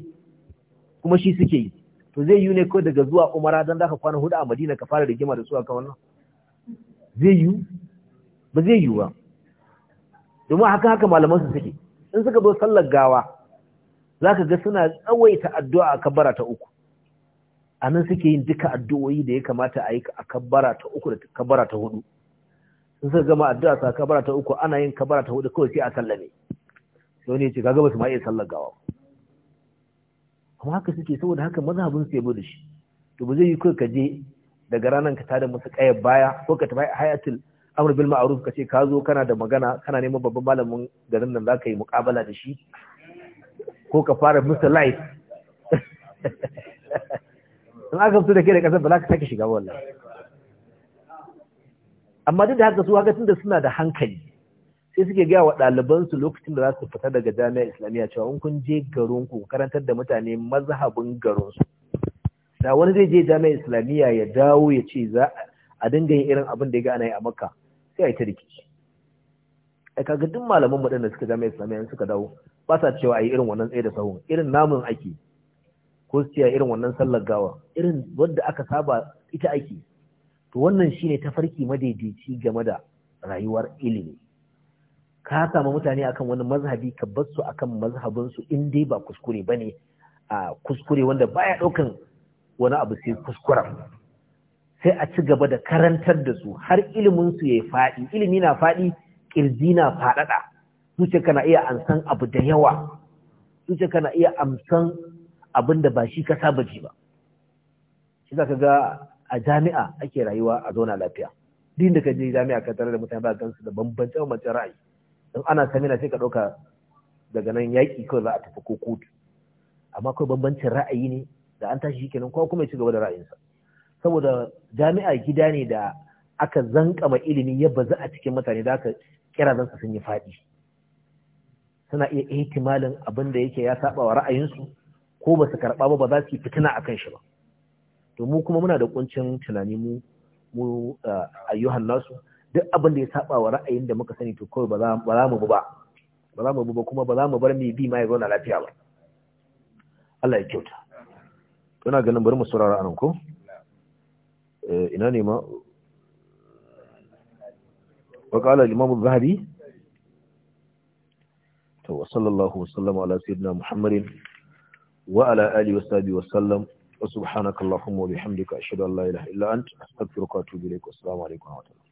kuma shi suke yi to zai yi ne kawai daga zuwa umara don daga kwana hudu a madina ka fara rigima da su aka wannan zai yi ba zai yi ba domin haka haka malaman su suke in suka zo sallar gawa Za ka ga suna tsawaita addu'a a kabbara ta uku A nan suke yin duka addu'o'i da ya kamata a yi a kabbara ta uku da kabbara ta hudu sun suka gama addu'a sa kabbara ta uku ana yin kabbara ta hudu kawai sai a sallame Sau ne ce kaga ba su ma iya sallar gawa amma haka suke saboda haka mazhabin su yabo da shi to ba zai yi kawai ka je daga ranar ka tada musu ƙayar baya ko ka tafi hayatul amr bil ma'ruf ka ce ka zo kana da magana kana neman babban malamin garin nan za ka yi muƙabala da shi ko ka fara Mr. Light. in aka fito da ke da ƙasar ba za ka sake shiga wannan amma duk da haka su haka tunda suna da hankali sai suke gaya wa ɗalibansu lokacin da za su fita daga jami'ar islamiyya cewa in kun je ku karantar da mutane mazhabin garinsu da wani zai je jami'ar islamiyya ya dawo ya ce za a dinga yin irin abin da ya ga ana yi a makka sai a yi ta rikici ai kaga duk malaman mu da suka jami'ar islamiyya suka dawo ba sa cewa a yi irin wannan tsaye da sahun irin namun ake ko su ce irin wannan sallar gawa irin wadda aka saba ita ake to wannan shine tafarki madaidaici game da rayuwar ilimi ka samu mutane akan wani mazhabi ka bar su akan mazhabinsu su in dai ba kuskure bane a kuskure wanda baya ɗaukan wani abu sai kuskuren sai a ci gaba da karantar da su har ilimin su yayi fadi ilimi na fadi kirji na faɗaɗa. zuciyarka kana iya ansan abu da yawa tuce kana iya amsan abin da ba shi ka saba ji ba shi za ka ga a jami'a ake rayuwa a zauna lafiya din da ka je jami'a ka tare da mutane ba gansu da bambance mace ra'ayi don ana na sai ka ɗauka daga nan yaƙi kawai za a tafi ko kotu amma kawai bambancin ra'ayi ne da an tashi kenan ko kuma ya ci gaba da ra'ayinsa saboda jami'a gida ne da aka zankama ilimi ya za a cikin mutane da aka zansa sun yi faɗi suna iya ihtimalin abin da yake ya saba wa ra'ayinsu ko ba su karɓa ba ba za su yi fitina a kan shi ba to mu kuma muna da kuncin tunani mu mu ayyuhan nasu duk abin da ya saba wa ra'ayin da muka sani to kawai ba za mu bi ba ba za mu bi ba kuma ba za mu bar mai bi ma ya zauna lafiya ba Allah ya kyauta ina ganin bari mu saurara anan ko eh, ina ne ma وقال الإمام الذهبي zahabi wa wasallallahu wasallam ala sayyidina muhammadin wa ala alihi wasabi wasallam wa subhanakallahumma wa bihamdika ashhadu an la ilaha illa anta astaghfiruka wa atubu ilayk assalamu alaikum wa rahmatullahi